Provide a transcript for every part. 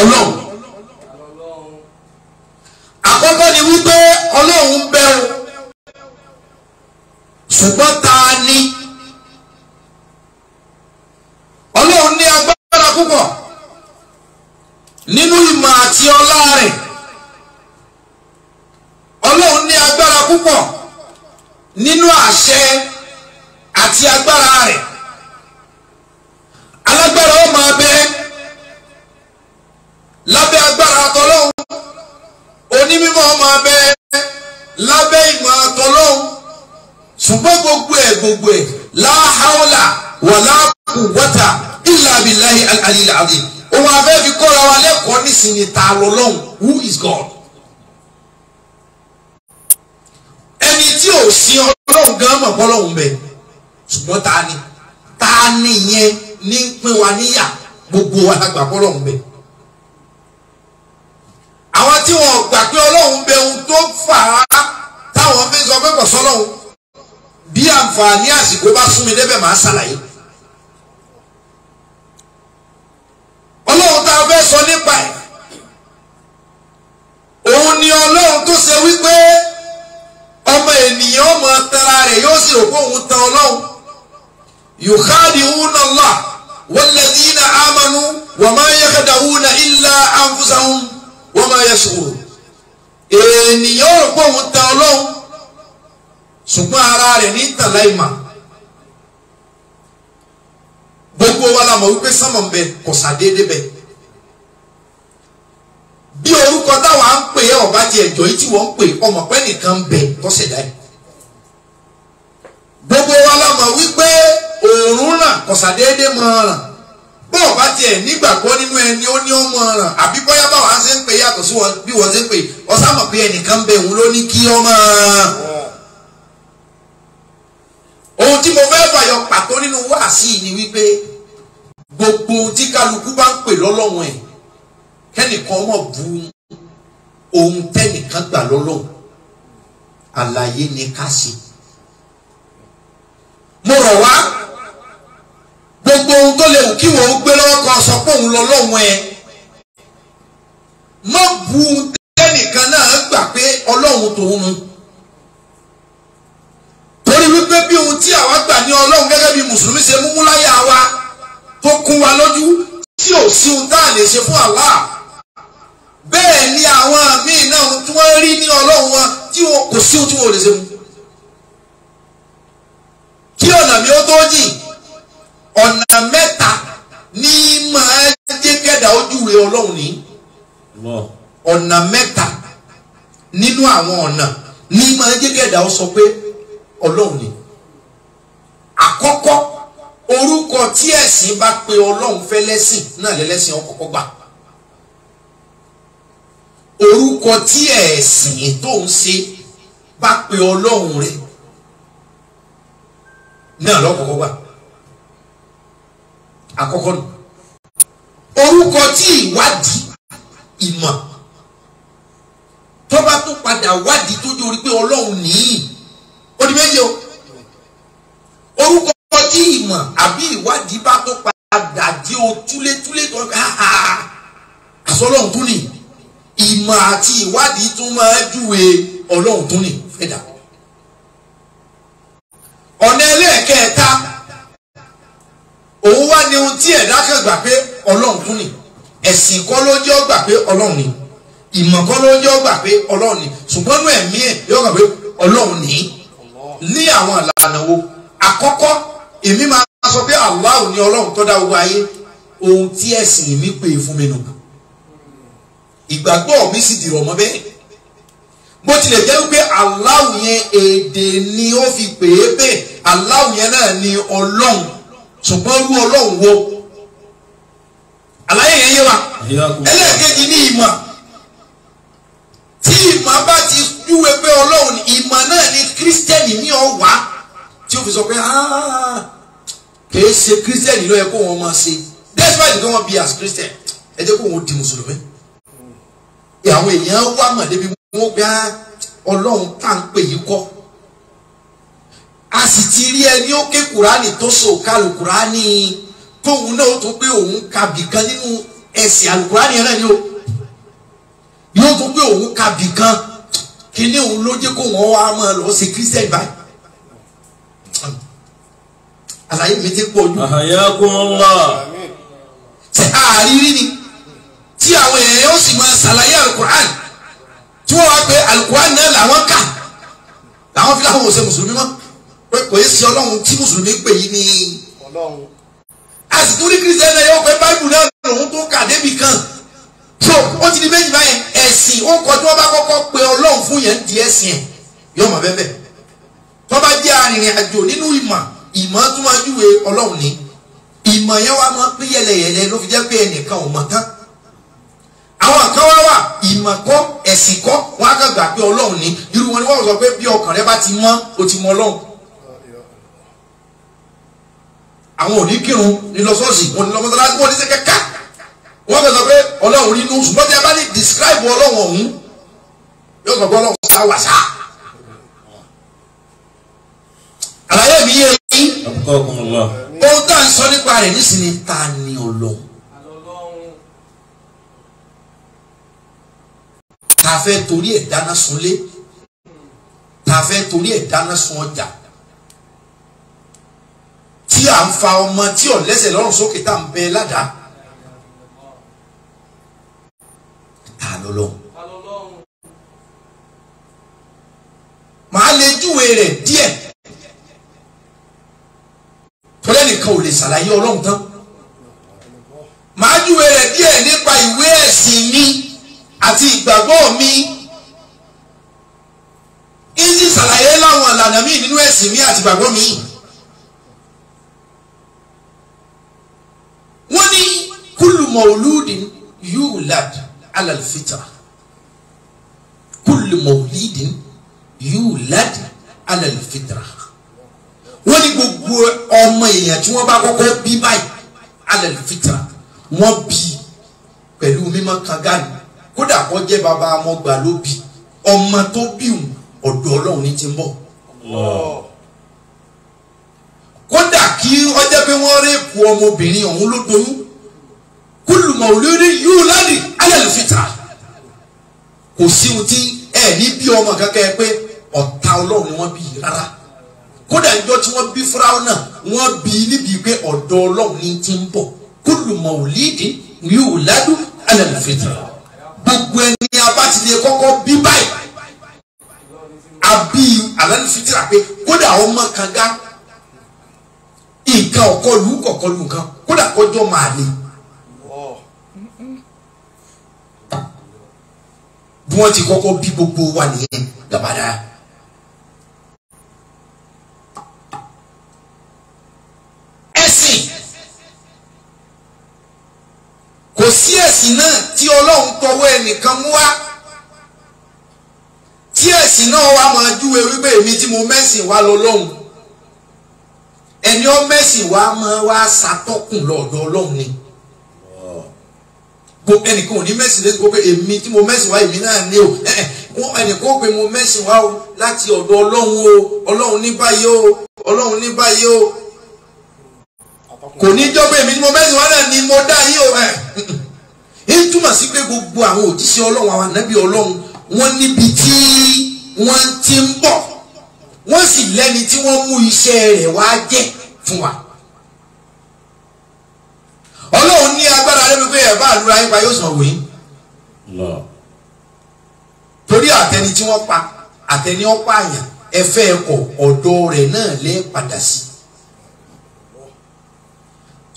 ọlọ́run. àkọ́kọ́ ni wípé ọlọ́run bẹ́ẹ̀ o ṣùgbọ́n lọ́hùn who is God. ẹni tí ò sin ọlọ́run gan mọ̀ bọ́lọ́hùn bẹ̀ ṣùgbọ́n ta ni ta ni yẹn ní pín wa níyà gbogbo wa la gbà bọ́lọ́hùn bẹ̀. àwọn tí wọn gbà pé ọlọ́run bẹ ohun tó fà á táwọn fi sọ pé kò sọ́lọ́hùn bí àǹfààní àsìkò bá sún débẹ̀ máa ṣàlàyé. rẹ̀ yóò sì rò pé òun tan ọlọ́run yukhadi'una Allah walladhina amanu wa ma yakhda'una illa anfusahum wa ma yash'urun ènìyàn rò pé òun tan ọlọ́run ṣùgbọ́n ara rẹ̀ ní tàlá ìmà gbogbo wa la mọ̀ wípé sánmọ̀ bẹ kọ̀sà déédéé bẹ́ẹ̀ bí orúkọ táwa ń pè é ọba ti yìí tí wọn ń pè ọmọ pẹ nìkan ń bẹ tọ́sẹ̀dá yìí gbogbo wa la mọ̀ wípé òòrùn ràn kọ̀sàdéédé mọ̀ ràn bó o bá tiẹ̀ nígbàgbọ́ nínú ẹni ó ní ó mọ̀ ràn àbí bóyá báwa ṣe ń pè yàtọ̀ sí bí wọ́n ṣe ń pè ọ̀sá pé ẹnìkan bẹ̀ òun ló ní kí ọ mọ̀ ràn. ohun tí mo fẹ́ fàyọ pàtó nínú wáàsí ni wípé gbogbo tí kálukú bá ń pè lọ́lọ́run ẹ̀ kẹ́nìkan mọ̀ bu ohun tẹ́nìkan gbà lọ́lọ́run àlàyé ni ká ṣe mo rọ̀ wá gbogbo ohun tó lè wù kí wọ́n gbé lọ́wọ́ kan sọ pé òun lọ lọ́wọ́ ẹ má bu tẹ́nìkan náà gbà pé ọlọ́run tòun nu torí wípé bí ohun tí àwa gbà ní ọlọ́run gẹ́gẹ́ bí mùsùlùmí ṣe mú múláyà wa tó kún wa lójú tí ò sí ohun tá à lè ṣe fún Allah bẹ́ẹ̀ ni àwọn míì náà tí wọ́n rí ní ọlọ́run wọn tí kò sí ohun tí wọ́n ò lè ṣe fún un kí ọ̀nà mi ó tó jìn ọ̀nà mẹ́ta ní máa jẹ́ kẹ́dà ojúwe ọlọ́run ní ọ̀nà mẹ́ta nínú àwọn ọ̀nà ní máa jẹ́ kẹ́dà ó sọ pé ọlọ́run ní àkọ́kọ́ orúkọ tí ẹ̀sìn bá pe ọlọ́run fẹ́ lẹ́sìn náà lẹ́lẹ́sìn ọkọ̀ọ̀kọ̀ gbà orúkọ tí ẹ̀sìn tó ń ṣe bá pe ọlọ́run rẹ̀ náà lọ́kọ̀ọ́kọ́ gbà àkọ́kọ́ nù orúkọ tí ìwádìí ìmọ̀ tó bá tún padà wádìí tó jórí pé ọlọ́run nìyí ó di méje o orúkọ tí ìmọ̀ àbí ìwádìí bá tún padà di o túlétúlé tó ha àsọlọ́run tún ni ìmọ̀ àti ìwádìí tún máa júwe ọlọ́run tún ni fẹ́ẹ́ ọ̀nà ẹlẹ́ẹ̀kẹta òun wá ní ohun tí ẹ̀dá kan gbà pé ọlọ́run tún ni ẹ̀sìn kọ́ ló jẹ́ ọgbà pé ọlọ́run ni ìmọ̀ kọ́ ló jẹ́ ọgbà pé ọlọ́run ni ṣùgbọ́n ní ẹ̀mí ẹ̀ yóò gbà pé ọlọ́run ni ní àwọn ìlànà wo àkọ́kọ́ èmi máa sọ pé Allah ni ọlọ́run tó dá gbogbo ayé ohun tí ẹ̀sìn mi pè fún mi nù ìgbàgbọ́ mi sì dìrọ̀ mọ́ bẹ́ẹ̀ bó tilẹ̀ jẹ́ wípé Allah yẹn èdè ni ó fi pè é bẹ́ẹ̀ Allah yẹn náà ni ọlọ́run ṣùgbọ́n olú ọlọ́run wo àlàyé yẹn yé wa ẹlẹ́ẹ̀kejì ní ìmọ̀ tí ìmọ̀ bá ti júwe pé ọlọ́run ìmọ̀ náà ni kírísítẹ́nì ní ọ̀wá tí ó fi sọ pé ah, kìí ṣe kírísítẹ́nì ló yẹ kó wọn máa ṣe despite kí wọ́n bí as christian ẹ jẹ́ kó wọn di mùsùlùmí àwọn èèyàn wá mọ̀ débi wọ́n gbá ah, ọlọ́run tá à ń pè yí kọ́ a sì ti rí ẹni ó ké kùránì tó so kálù kùránì kóhun náà ó tún pé òun kabì kan nínú ẹsẹ̀ àlùkùránì náà ni o yóò tún pé òun kabì kan kíní òun ló jẹ́ kóhun ọwọ́ a máa lọ sí christian báyìí àlàyé mi ti pọ̀ jù. àyàkùnlá. ṣé àárírí ni tí àwọn èèyàn ó sì máa ṣàlàyé alukur'an tí wọ́n wá pé alukur'an náà làwọn kà làwọn fi láwọn ò ṣe mùsùlùmí mọ́ pé kò yẹ sí ọlọ́run tí mùsùlùmí pè yí ni ọlọ́run àsìkò ní kírísítẹ́nì yóò pé báìbù náà lòun tó kà débi kan so ó ti di méjì báyẹn ẹ̀sìn ó kọ tí wọ́n bá kọ́kọ́ pe ọlọ́run fún yẹn di ẹ̀sìn ẹ̀ yóò mọ̀ bẹ́ẹ̀ bẹ́ẹ̀ tó bá jẹ́ arìnrìn àjò nínú ìmọ̀ ìmọ̀ tó máa júwe ọlọ́run ni ìmọ̀ yẹn wá máa pín yẹlẹyẹlẹ ló fi jẹ́ pé ẹnìkan ò mọ̀ tán àwọn kan wá wà ìmọ̀ kọ́ ẹ̀sìn kọ́ wọn á kàn gbà pé ọlọ́run ni irú wọn ni wọ́n sọ pé bí ọkàn rẹ bá ti mọ́ o ti mọ ọlọ́run àwọn ò kírun ní lọ́sọ́ọ̀sì wọn ní lọ́mọdéláṣí wọn ní ṣe kẹ́kẹ́ wọn kò sọ pé ọlọ́run nínú ṣùgbọ́n tí a bá ní describe ọlọ́run ọ̀hún yóò sọ pé ọlọ́run sá wà sá. àlàyé mi yé yín ohun tá ń sọ nípa rẹ̀ nísìnyí ta ni ọlọ́run. ta torí ẹ̀ dáná sunlé ta torí ẹ̀ dáná sun ọjà tí à ń fa ọmọ tí ò lẹ́sẹ̀ lọ́rùn sókè tá à ń bẹ ládàá. ta ló lọ́hùn. màá lè júwe rẹ̀ díẹ̀ tọ́lẹ́ nìkan ò lè ṣàlàyé ọlọ́run tán màá júwe rẹ̀ díẹ̀ nípa ìwé ẹ̀sìn mi àti ìgbàgbọ́ mi ń ṣàlàyé láwọn ìlànà mi nínú ẹ̀sìn mi àti ìgbàgbọ́ mi. mọ̀lúdìn yulad alalfitra kullu mọ̀lúdìn yulad alalfitra wọ́n ní gbogbo ọmọ èèyàn tí wọ́n bá kọ́kọ́ bí báyìí alalfitra wọ́n bí pẹ̀lú mímọ́ kangani kódà kó jẹ́ bàbá ọmọgbà ló bí ọmọ tó bí òun ọ̀dọ̀ ọlọ́run ní ti ń bọ̀. kódà kí ó jẹ́ pé wọ́n rẹ́pù ọmọbìnrin ọ̀hún ló doyún kúlù mọ̀lúdí yóò lálẹ́ alẹ́ fìtà kò sí ohun tí ẹ ní bí ọmọ kankan pé ọ̀tá ọlọ́run ni wọ́n bí rárá kódà ìjọ tí wọ́n bí fúráwọ́ náà wọ́n bí níbi pé ọ̀dọ̀ ọlọ́run ní ti ń bọ̀ kúlù mọ̀lúdí yóò lálẹ́ alẹ́ fìtà gbogbo ẹni abá ti lè kọ́kọ́ bí báyìí àbí alẹ́ fìtà pé kódà ọmọ kankan nǹkan ọ̀kọ́ lù kọ̀ọ̀kan lù nǹkan kódà kọjọ́ máa le. bí wọ́n ti kọ́kọ́ bí gbogbo wa nìyẹn gàbàdà. ẹ̀sìn kò sí ẹ̀sìn náà tí ọlọ́run tọwọ́ ẹnìkan mú wá tí ẹ̀sìn náà wá máa júwe wípé èmi tí mo mẹ́sìn wá lọ lọ́hùn ẹni ọ mẹ́sìn wá máa wá ṣàtọ́kùn lọ́dọ̀ ọlọ́run ni. Ko ẹnìkan ò ní mẹ́sìn létí kó pé èmi tí mo mẹ́sìn wá èmi náà ní o wọn ẹnìkan ó pe mo mẹ́sìn wá o láti ọ̀dọ̀ ọlọ́run o ọlọ́run ní báyìí o ọlọ́run ní báyìí o kò ní jọ́ pé èmi ni mo mẹ́sìn wá náà ni mo dá yìí o ẹ̀ ń túmọ̀ sí pé gbogbo àwọn òjíṣẹ́ ọlọ́run àwọn ànábì ọlọ́run wọ́n níbi tí wọ́n ti ń bọ̀ wọ́n sì lẹ́ni tí wọ́n mú iṣẹ́ rẹ̀ wá jẹ́ fún wa ọlọ́run ní agbára lẹ́nu pé ẹ̀bá àlùra yín pa yóò sàn wòyí. torí àtẹni tí wọ́n pa àtẹni ọ̀pá àyàn ẹ̀fẹ́ ẹ̀kọ́ ọ̀dọ́ rẹ̀ náà lẹ́ padà sí.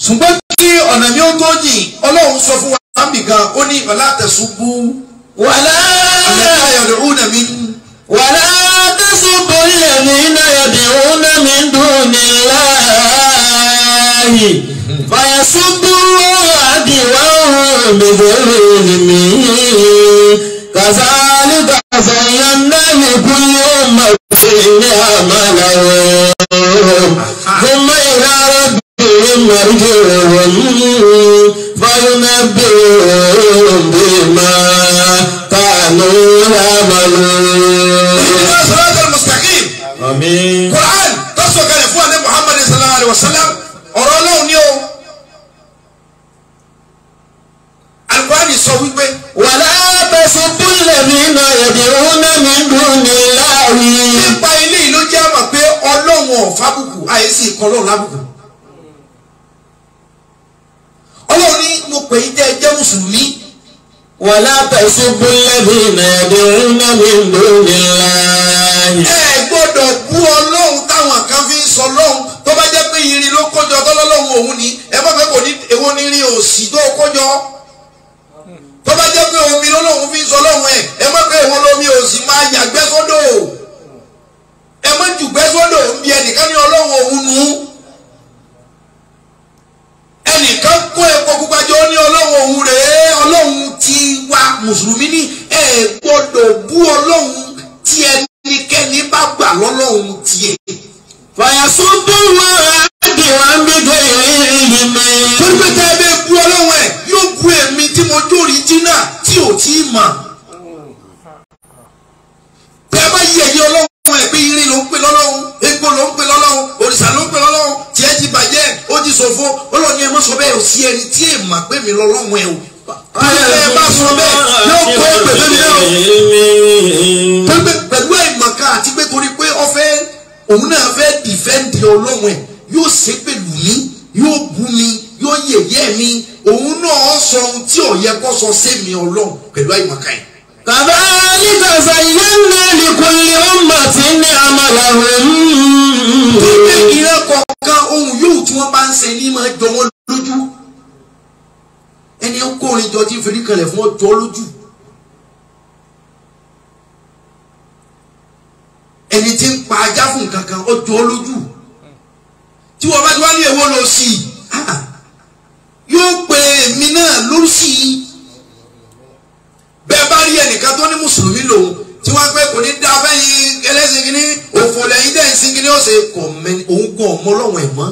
ṣùgbọ́n kí ọ̀nà mi ó tó jìn ọlọ́run sọ fún wa sábì gan ó ní ọ̀là àtẹ̀sùn bú. wàlá àyọ̀dọ̀ ọ̀nà mi wàlá tẹ́sùkú lẹ́nu iná yọ̀dìrún náà mi dùn ní láàyè fàyàsùkú àdìwá òun bèbèrè mi kàzálíkà fẹ̀yàn náà mi kú lágùntàn ọlọ́run ní mo pè yín jẹ́ jẹ́ mùsùlùmí. wàlá tẹ̀síbú lẹ́bí nàìjíríà nàbí ndòmìnira. ẹ gbọ́dọ̀ bú ọlọ́run táwọn kan fi ń sọ lọ́hùn tó bá jẹ́ pé irin ló kójọ tọ́lọ́lọ́hùn òun ni ẹ bá fẹ́ kò ní èwo ní òsì tó kójọ tó bá jẹ́ pé omi lọ́lọ́hùn fi ń sọ lọ́hùn ẹ̀ ẹ má. bẹ́ẹ̀ ò sí ẹni tí èèmà pé mi lọ́lọ́run ẹ̀ o bẹ́ẹ̀ bá sọ bẹ́ẹ̀ yóò kó èpè lórí ẹ̀ o pẹ̀lú àìmọ̀ká àti pé torí pé ọ̀fẹ́ òun náà fẹ́ dìfẹ́ǹdì ọlọ́run ẹ̀ yóò ṣépè lù mí yóò bú mi yóò yẹ̀yẹ́ mi òun náà sọ ohun tí ò yẹ kó sọ sí mi ọlọ́run pẹ̀lú àìmọ̀ká yìí. كذلك زينا لكل أمة عملهم kan ohun yóò tí wọ́n bá ń ṣe ní máa jọ wọ́n lójú ẹni kórin jọ tí ń feri kanlẹ̀ fún ọjọ́ lójú ẹni tí ń pa ajá fún nǹkan kan ọjọ́ lójú tí wọ́n bá ti wá ní èwo lọ sí i yóò pe èmi náà lóṣì bẹ́ẹ̀ bá rí ẹnìkan tó ní mùsùlùmí lòun tí wọ́n pẹ́ kò ní dá abẹ́yìn ẹlẹ́sìn kìíní òfò lẹ́yìn dẹ́yìn kìíní ọ̀sẹ̀ kò mẹ òun kò mọ lọ́wọ́ ẹ̀ mọ́.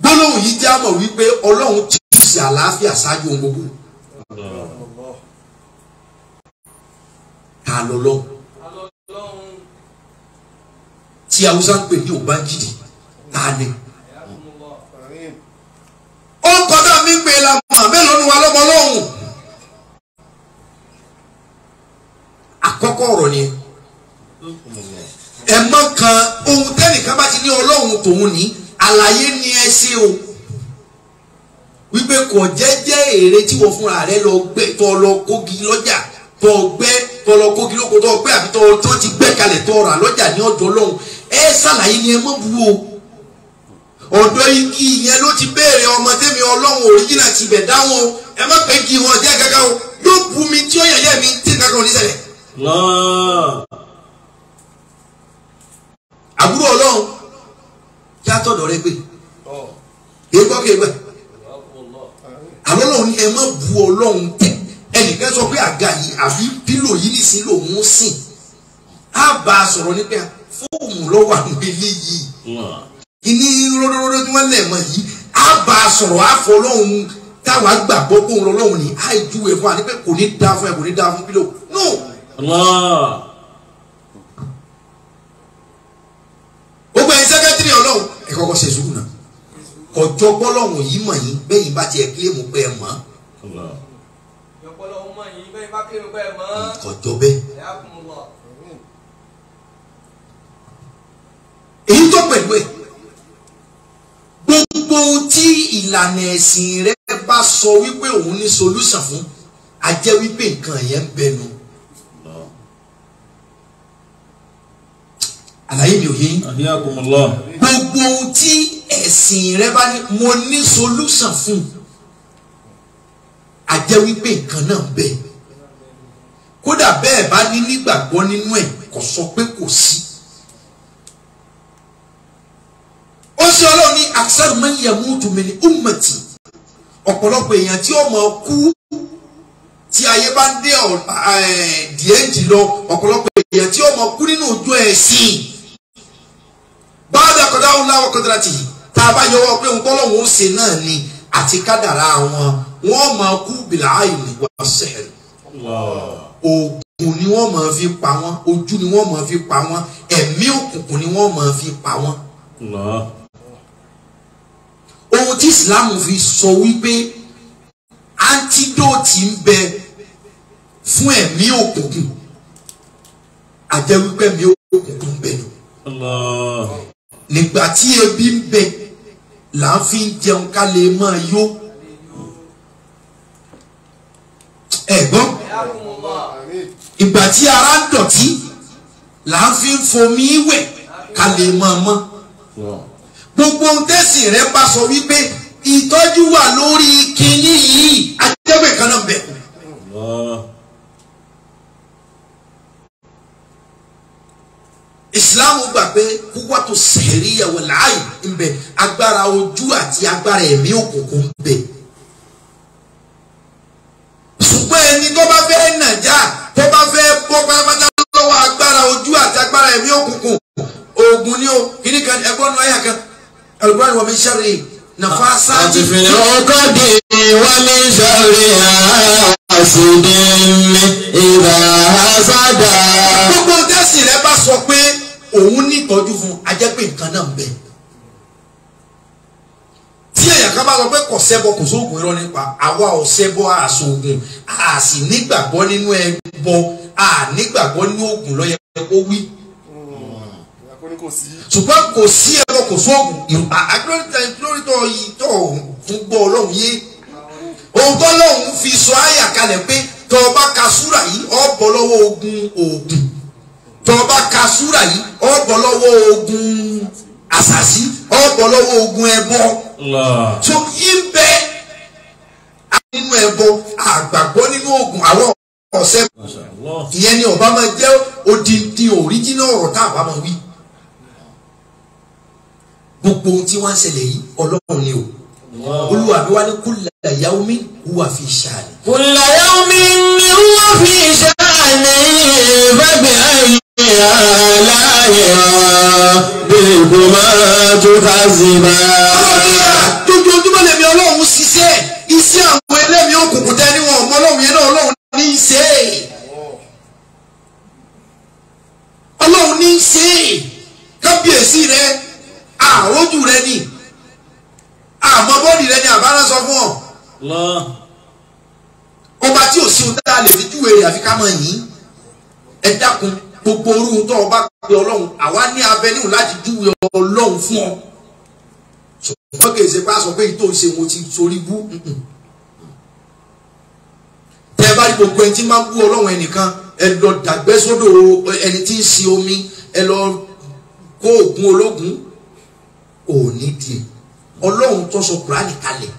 gbólóhùn yìí jẹ́ àmọ̀ wípé ọlọ́run ti ṣe àlàáfíà ṣáájú ohun gbogbo. ta lọ lọ́hùn tí haúsá ń pè ní òbájìdì ta ni. ó kọjá mi pé la mọ̀ àbẹ́ lónìí lọ́mọ lọ́hùn. àkọ́kọ́ ọ̀rọ̀ ni ẹ mọ kan ohun tẹ́nìkan bá ti ní ọlọ́run tòun ní àlàyé ni ẹ ṣe o wípé kò jẹ́jẹ́ èrè tí wọ́n fúnra rẹ lọ gbé tọ́ lọ kógi lọ́jà tọ́ gbẹ́ tọ́ lọ kógi lóko tọ́ gbẹ́ àbí tọ́ ti gbẹ́ kalẹ̀ tọ́ rà lọ́jà ní ọ̀dọ̀ ọlọ́run ẹ ṣàlàyé ni ẹ mọ̀ bu o ọ̀dọ̀ igi yẹn ló ti béèrè ọmọ tẹ́mi ọlọ́run òríjìnà tibẹ̀ dáhùn ẹ má pẹ́ kí wọn jẹ́ gẹ́gẹ́ o yóò bu mi tí ó yẹ̀yẹ́ mi tí kankan ò ní àbúrò ọlọ́run kí á tọ̀dọ̀ rẹ gbé ègbọ́ kí egbà àwọn ọlọ́run ẹ má bu ọlọ́run tẹ ẹnìkan sọ pé àga yìí àbí pílò yìí nìsín lòún sìn á bá a sọ̀rọ̀ nípa fóòmù lọ́wọ́ àwọn eléyìí ìní rọ́dọ́rọ́dọ́ tí wọ́n lẹ̀ mọ́ yìí á bá a sọ̀rọ̀ á fọ ọlọ́run táwa gbàgbọ́ kó ń lọ ọlọ́run ní àìjúwe fún wa ní pé kò ní dáa fún ẹ kò ní dáa fún pílò no. Allah. gbogbo ẹ̀yin sẹ́kẹ́tìrì ọlọ́run ẹ kọ́kọ́ ṣe sùúrù náà ọjọ́ gbọ́lọ́hùn yìí mọ̀ yín bẹ́yìn bá tiẹ̀ kílèmù pé ẹ mọ̀. ọjọ́ bẹ́ẹ̀. èyí tó pẹ̀lú ẹ̀ gbogbo tí ìlànà ẹ̀sìn rẹ bá sọ wípé òun ní solúsàn fún a jẹ́ wípé nǹkan yẹn ń bẹnu. àlàyé mi ò yé yín. gbogbo tí ẹ̀sìn rẹ bá ní mo ní solúsàn fún àjẹ́ wípé nǹkan náà ń bẹ kódà bẹ́ẹ̀ bá ní nígbàgbọ́ nínú ẹ̀ kò sọ pé kò sí. ó ṣe ọlọ́run ní aksar man yamutu ummati ọ̀pọ̀lọpọ̀ èèyàn tí ó mọ̀ kú tí ayé bá ń dé díẹ̀ jùlọ ọ̀pọ̀lọpọ̀ èèyàn tí ó kú nínú ojú ẹ̀sìn báyìí àkọ́dá òun láwọn kọ́dọ̀rà tì tá a bá yọwọ́ pé òun tọ́lọ̀ òun ṣe náà ni àti kádàrá wọn wọ́n máa kú bìlà àìní wá sẹ́ẹ̀rì òògùn ni wọ́n máa fi pa wọ́n ojú ni wọ́n máa fi pa wọ́n ẹ̀mí òkùnkùn ni wọ́n máa fi pa wọ́n. ohun tí Islam fi sọ wípé antidote ń bẹ fún ẹ̀mí òkùnkùn àjẹ́ wípé òkùnkùn ń bẹ ni. Allah nígbà tí ebi ń bẹ là ń fi jẹun ká lè máa yó ẹ gbọ́ ìgbà tí ara ń dọ̀tí là ń fi fomi wẹ̀ ká lè máa mọ́ gbogbo tẹ́sì rẹ bá sọ wípé ìtọ́jú wà lórí kinní yìí ajẹ́bẹ̀ kan náà bẹ̀. islam gbà pé kúkwá tó sẹ̀rí ẹ̀wọ̀ láàyè ń bẹ agbára ojú àti agbára ẹ̀mí òkùnkùn ń ṣùgbọ́n ẹni tó bá fẹ́ nàjà tó bá fẹ́ bọ́ pátápátá lọ́wọ́ agbára ojú àti agbára ẹ̀mí òkùnkùn oògùn ni o kíní kan ẹgbọ́n nu ayà kan alukóra wọ́n mi ṣẹ́rí nàfa sáájú. àtìfìlẹ̀ ọkọ̀ di wọ́n mi ṣẹ́rí àásìdí mi ìlà àṣàdá òun ní ìtọ́jú fún ajẹ́ pé nǹkan náà ń bẹ tí èèyàn kan bá sọ pé kò ṣẹbọ kò sóògùn irọ́ nípa àwa ò ṣẹbọ àṣògùn a sì nígbàgbọ́ nínú ẹbọ a nígbàgbọ́ nínú ògùn lọ́yẹ kó wí ṣùgbọ́n kò sí ẹbọ kò sóògùn lórí tó ìtọ̀ fún gbọ́ ọlọ́run yé ohun tó lọ́run fi sọ àyà kalẹ̀ pé tọ́ ọ bá ka súrà yìí ọ bọ́ lọ́wọ́ ogun oògùn tọba ka súrà yìí ọ ogun àṣàṣì ọ bọ́ lọ́wọ́ ogun ẹbọ tó ń bẹ nínú ẹbọ àgbàgbọ́ nínú ogun àwọn ọ̀sẹ̀ ìyẹn ni ọba máa jẹ́ odindi òríjínà ọ̀rọ̀ tá a bá máa wí gbogbo ohun tí wọ́n ń ṣẹlẹ̀ yìí ọlọ́run ni o olúwa mi wá ní kúlẹ̀ yàwó mi wúwà fi ṣàlẹ̀. kúlẹ̀ yàwó mi ni wúwà fi ṣàlẹ̀ bẹ́ẹ̀ bẹ́ẹ̀. tó ká sí bá. lójoojúmọ́ lèmi ọlọ́run ṣiṣẹ́ iṣẹ́ àwọn ẹlẹ́mi òkùnkùn tẹ́ ní wọn ọmọ ọlọ́run yẹn náà ọlọ́run ní í ṣe é ọlọ́run ní í ṣe kábíyèsí rẹ àrójù rẹ ni àmọ́ bọ́ọ̀lì rẹ ni àbára sọ fún ọ. ọba tí ò sí ohun tá lè fi júwèé rẹ̀ àfi ká mọ̀ yín ẹ dákun gbogbo orúkọ tó o bá pe ọlọ́run àwa ní abẹ́níhùn láti júwe ọlọ́run fún ọ ṣùgbọ́n kì í ṣe pé a sọ pé ìtò ìṣe mo ti sorí bú tẹ bá rí gbogbo ẹni tí máa ń bú ọlọ́run ẹnìkan ẹ lọ dàgbẹ́ sódò ẹni tí ń sin omi ẹ lọ kó oògùn ológun òní díẹ̀ ọlọ́run tó sọ kùránì kalẹ̀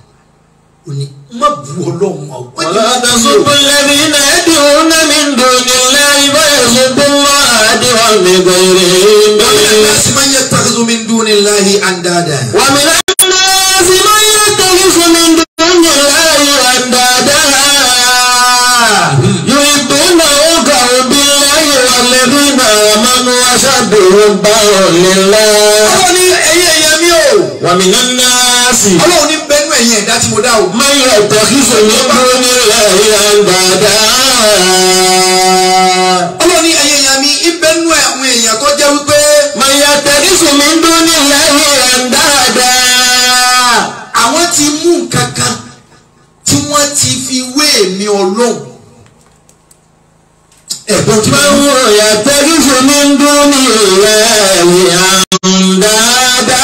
ó ní má bu ọlọ́run àwọn. wọ́n ti sọ pé lẹ́nu iná ẹ̀dì òun náà mi ń dùn ní lẹ́yìn báyọ̀ sọ pé wọ́n àdé mi gbèrè. wàmínà nasi máa ń yẹ takizu mi dùn ní láhi àndáadá. wàmínà nasi máa ń yẹ takizu mi dùn ní láhi àndáadá. yóò tó náà ó kà ó bí láyé wọn lẹ́nu iná àmọ́nú aṣáàbẹ̀wò báwọn lè la. ọlọ́run ní ẹyẹ ẹ̀yẹ mi ẹ̀yin ẹ̀dá tí mo dá o. máa ń yọ ìtọ́kísọ ní dúró nílẹ̀ ìyàgbàdà. ọlọ́run ní ẹ̀yin èèyàn mi ibẹ̀ nú àwọn èèyàn tó jẹ́ wípé. máa yọ ìtọ́kísọ ní dúró nílẹ̀ ìyàgbàdà. àwọn ti mú nǹkan tí wọ́n ti fi wé èmi ọlọ́run. ẹ̀gbọ́n tí wọ́n ń wọ ìyàtọ̀kísọ ní dúró nílẹ̀ ìyàgbàdà.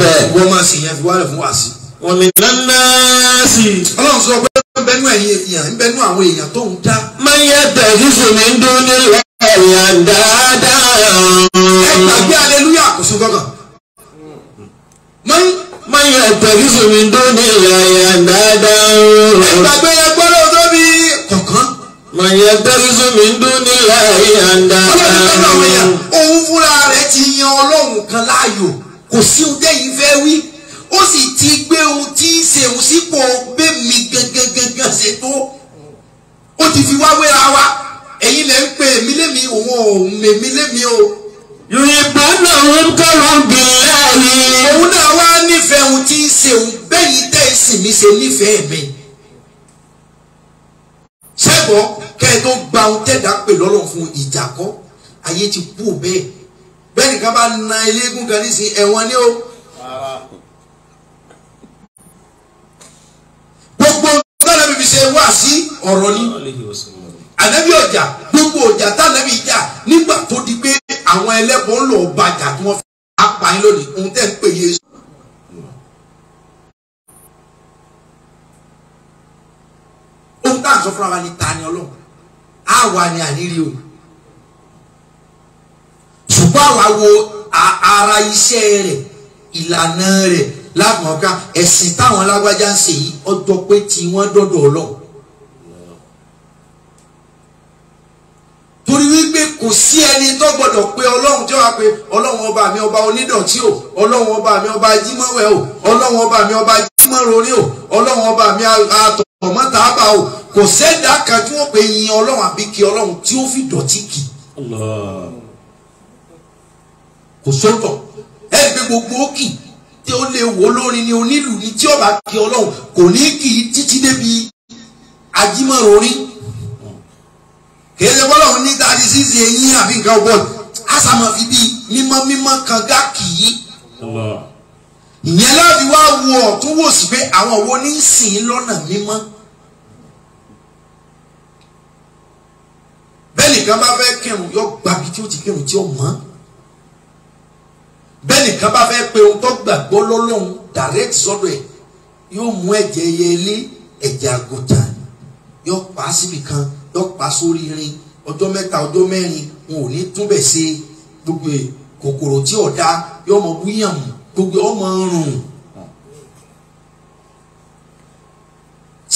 bẹ́ẹ̀. wọ́n máa sì yẹn fi wálẹ̀ fún wàásì. wọ́n mi nánà sí. ọlọ́run sọ pé bẹnu ẹ̀yin èèyàn bẹnu àwọn èèyàn tó ń dá. máa yẹ tẹ̀síṣù ní dúní lẹ́yìn dáadáa. ẹ gbàgbé aleluya kò sí gbọ́ngàn. máa ní dúní dáadáa. ẹ gbàgbé yẹn gbọ́dọ̀ tóbi kọ̀ọ̀kan. máa yẹ tẹ̀síṣù ní dúní lẹ́yìn dáadáa. ọlọ́run fúnra rẹ̀ ti yan ọlọ́run kan láàyò kò sí ohun tẹ́yìn fẹ́ wí ó sì ti gbé ohun tí ń ṣe òun sípò bẹ́ẹ̀mí gangan gangan ṣètò ó ti fi wá wéra wa ẹ̀yin lẹ́ ń pe èmi lémi òun òun èmi lémi o. yorùbá náà ń kọ́ra bìlẹ̀ ni. òun náà wá nífẹ̀ẹ́ ohun tí ń ṣe òun bẹ́yìn tẹ́ ẹ sì mí ṣe nífẹ̀ẹ́ mi. ṣẹ́gbọ́n kẹ́ ẹ tó gba ohun tẹ́dá pè lọ́lọ́ fún ìjà kọ́ ayé ti kú bẹ́ẹ̀ bẹ́ẹ̀ nìkan bá na eléégún kan nísìnyí ẹ̀wọ̀n ni ó. gbogbo tọ́lá bíbi ṣe wá sí ọ̀rọ̀ ni ànábì ọjà gbogbo ọjà tá ànábì jà nígbà tó di pé àwọn ẹlẹ́bùn lọ bàjà tí wọ́n fi apààyàn lónìí ohun tẹ́ ń pè yé. ohun tá à ń sọ fúnra wa ni ta ni ọlọ́run àwa ni àníri o bá wa wo ara iṣẹ́ rẹ̀ ìlànà rẹ̀ láwọn ká ẹ̀sìn táwọn lágbájá ń ṣe yìí ọjọ́ pé tí wọ́n dọ̀dọ̀ ọlọ́run. torí wípé kò sí ẹni tó gbọdọ̀ pé ọlọ́run tí wàá pé ọlọ́run ọba mi ọba onídọ̀tí o ọlọ́run ọba mi ọba jímọ̀wẹ̀ o ọlọ́run ọba mi ọba jímọ̀rorí o ọlọ́run ọba mi àtọ̀mọ́tàbà o kò sẹ́dá kan tí wọ́n pe yin ọlọ́run àbí kí ọlọ́run tí ó fi dọ̀tí kì. Allah kò sọ́tọ̀ ẹ gbé gbogbo òkì tí ó lè wò lórin ni onílù ni tí ọba kí ọlọ́run kò ní kì í títí débi ajímọ̀rò orin kìí ṣe bọ́lọ́run ní thirty six eyín àbí nǹkan ọgbọ́n àsàmọ̀ fi bí mímọ́ mímọ́ kan gá kì í ìyẹn láti wá wo ọ̀tún wò sí pé àwọn wo ní sìn lọ́nà mímọ́. bẹ́ẹ̀ nìkan bá fẹ́ kírun yọ gbàgbé tí ó ti kírun tí ó mọ́ bẹ́ẹ̀ nìkan bá fẹ́ pe ohun tó gbàgbọ́ lọ́lọ́run direct sọ́dọ̀ ẹ̀ yóò mú ẹ̀jẹ̀ ẹyẹlé ẹ̀jẹ̀ àgùntàn yóò pa á síbi kan yóò pa á sórí irin ọjọ́ mẹ́ta ọjọ́ mẹ́rin wọn ò ní túbẹ̀ ṣe gbogbo kòkòrò tí ọ̀dá yóò mọ wíyàn gbogbo ọmọ rùn.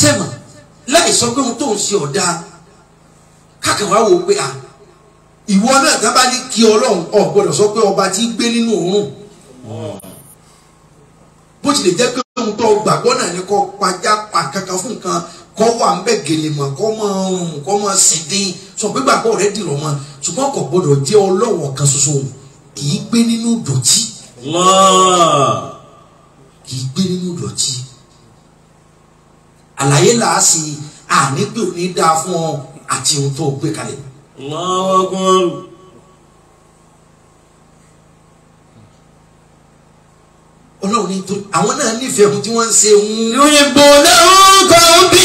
sẹ́mà láì sọ pé ohun tó ń ṣe ọ̀dá káàkiri wá wò ó pé à ìwọ náà tán bá ní kí ọlọ́run ò gbọ́dọ̀ sọ pé ọba tí gbé nínú òórùn bó tilẹ̀ jẹ́ pé ohun tó gbàgbọ́ náà ni kò pàjá pàkankan fún nǹkan kọ́ wà ń bẹ̀ gèlèmọ̀ kọ́ mọ ọrùn kọ́ mọ sídìn sọ pé gbàgbọ́ rẹ dìrọ̀ mọ́ ṣùgbọ́n kò gbọ́dọ̀ jẹ́ ọlọ́wọ̀ kan ṣoṣo kì í gbé nínú dọ̀tí. kì í gbé nínú dọ̀tí. àlàyé làá sí àní pé òní dáa fún ọ àti ohun tó gbé kalẹ̀. Allahu Akbar. ọlọ́run ní tó àwọn náà nífẹ̀ẹ́ ohun tí wọ́n ń ṣe ń. yìnbó lẹ́hún kọ́ bí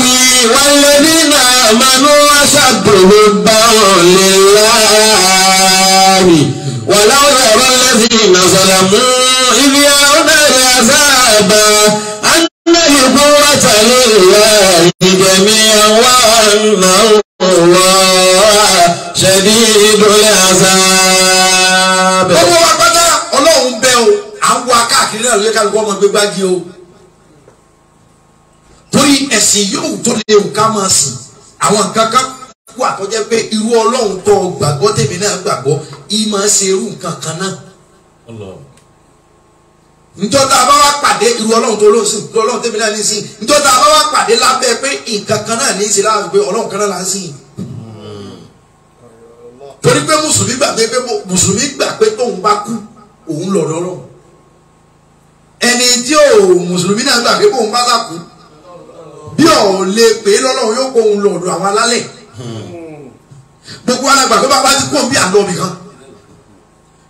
lẹ́yìn wọ́n lè ní náà mọ́nú aṣàgbèrè bá wọn lè láàárín. wà láwọn ẹ̀rọ lẹ́sìn ìnàṣọ̀lá mú ibi àwọn náà yà sáàbà ánàlẹ́yìn kó wá tàlẹ́ ìyá ìjẹ̀mí àwọn náà wà ṣẹ̀dídùn azab. owó wa pátá ọlọ́run bẹ́ o à ń wá káàkiri náà lóye kálukú ọmọ gbégbá gi o torí ẹ̀sìn yóò tó lè ká máa sìn àwọn nǹkan kan wà tó jẹ́ pé irú ọlọ́run tó gbàgbọ́ tèmi náà gbàgbọ́ yìí máa ṣe irú nǹkan kan náà ntọ́ta bá pàdé irú ọlọ́run tó lóun sí ọlọ́run tèmi náà ní sìn ntọ́ta bá pàdé lábẹ́ pé nǹkan kan náà ní í ṣe láàbẹ̀ ọlọ́run kan náà là ń sìn yìí torí pé mùsùlùmí gbà pé mùsùlùmí gbà pé tóun bá kú òun lọ lọ́rọ̀ ẹni tí ò mùsùlùmí náà gbà pé bóun bá bá kú bí ò lè pè é lọ́lọ́run yóò kó òun lọ ọ̀dọ̀ àwọn alálẹ̀ gbogbo alágbà pé bàbá ti kú òun bí àlọ́ mi kan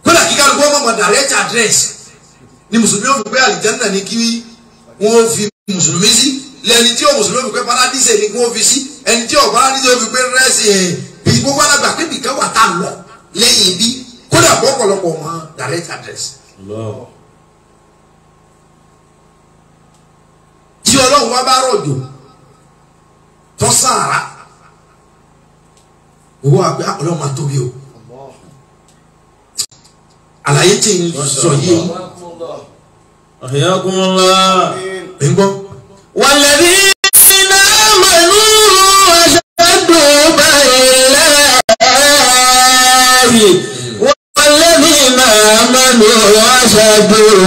kódà kíkà ló kó ọmọ direct address ni mùsùlùmí ò fi pé àlìjánnà ni kí wọ́n fi mùsùlùmí sí lẹ́ni tí ò mùsùlùmí ò fi pé paradíṣe ni kí wọ́n fi sí ẹni tí ò paradíṣe ò fi pé rẹ́sì gbogbo alàgbà pé nìkan wà tá a lọ lẹ́yìn ibi kódà bọ́ ọ̀pọ̀lọpọ̀ wọn direct address. tí ọlọ́run wá bá rọ̀jò tọ́ sàrà owó àgbẹ̀ ah, ọlọ́run máa tóbi o àlàyé tí ń sọ yìí ọ̀hìn ọkùnrin la. ń gbọ́. wàlẹ́rì. شديد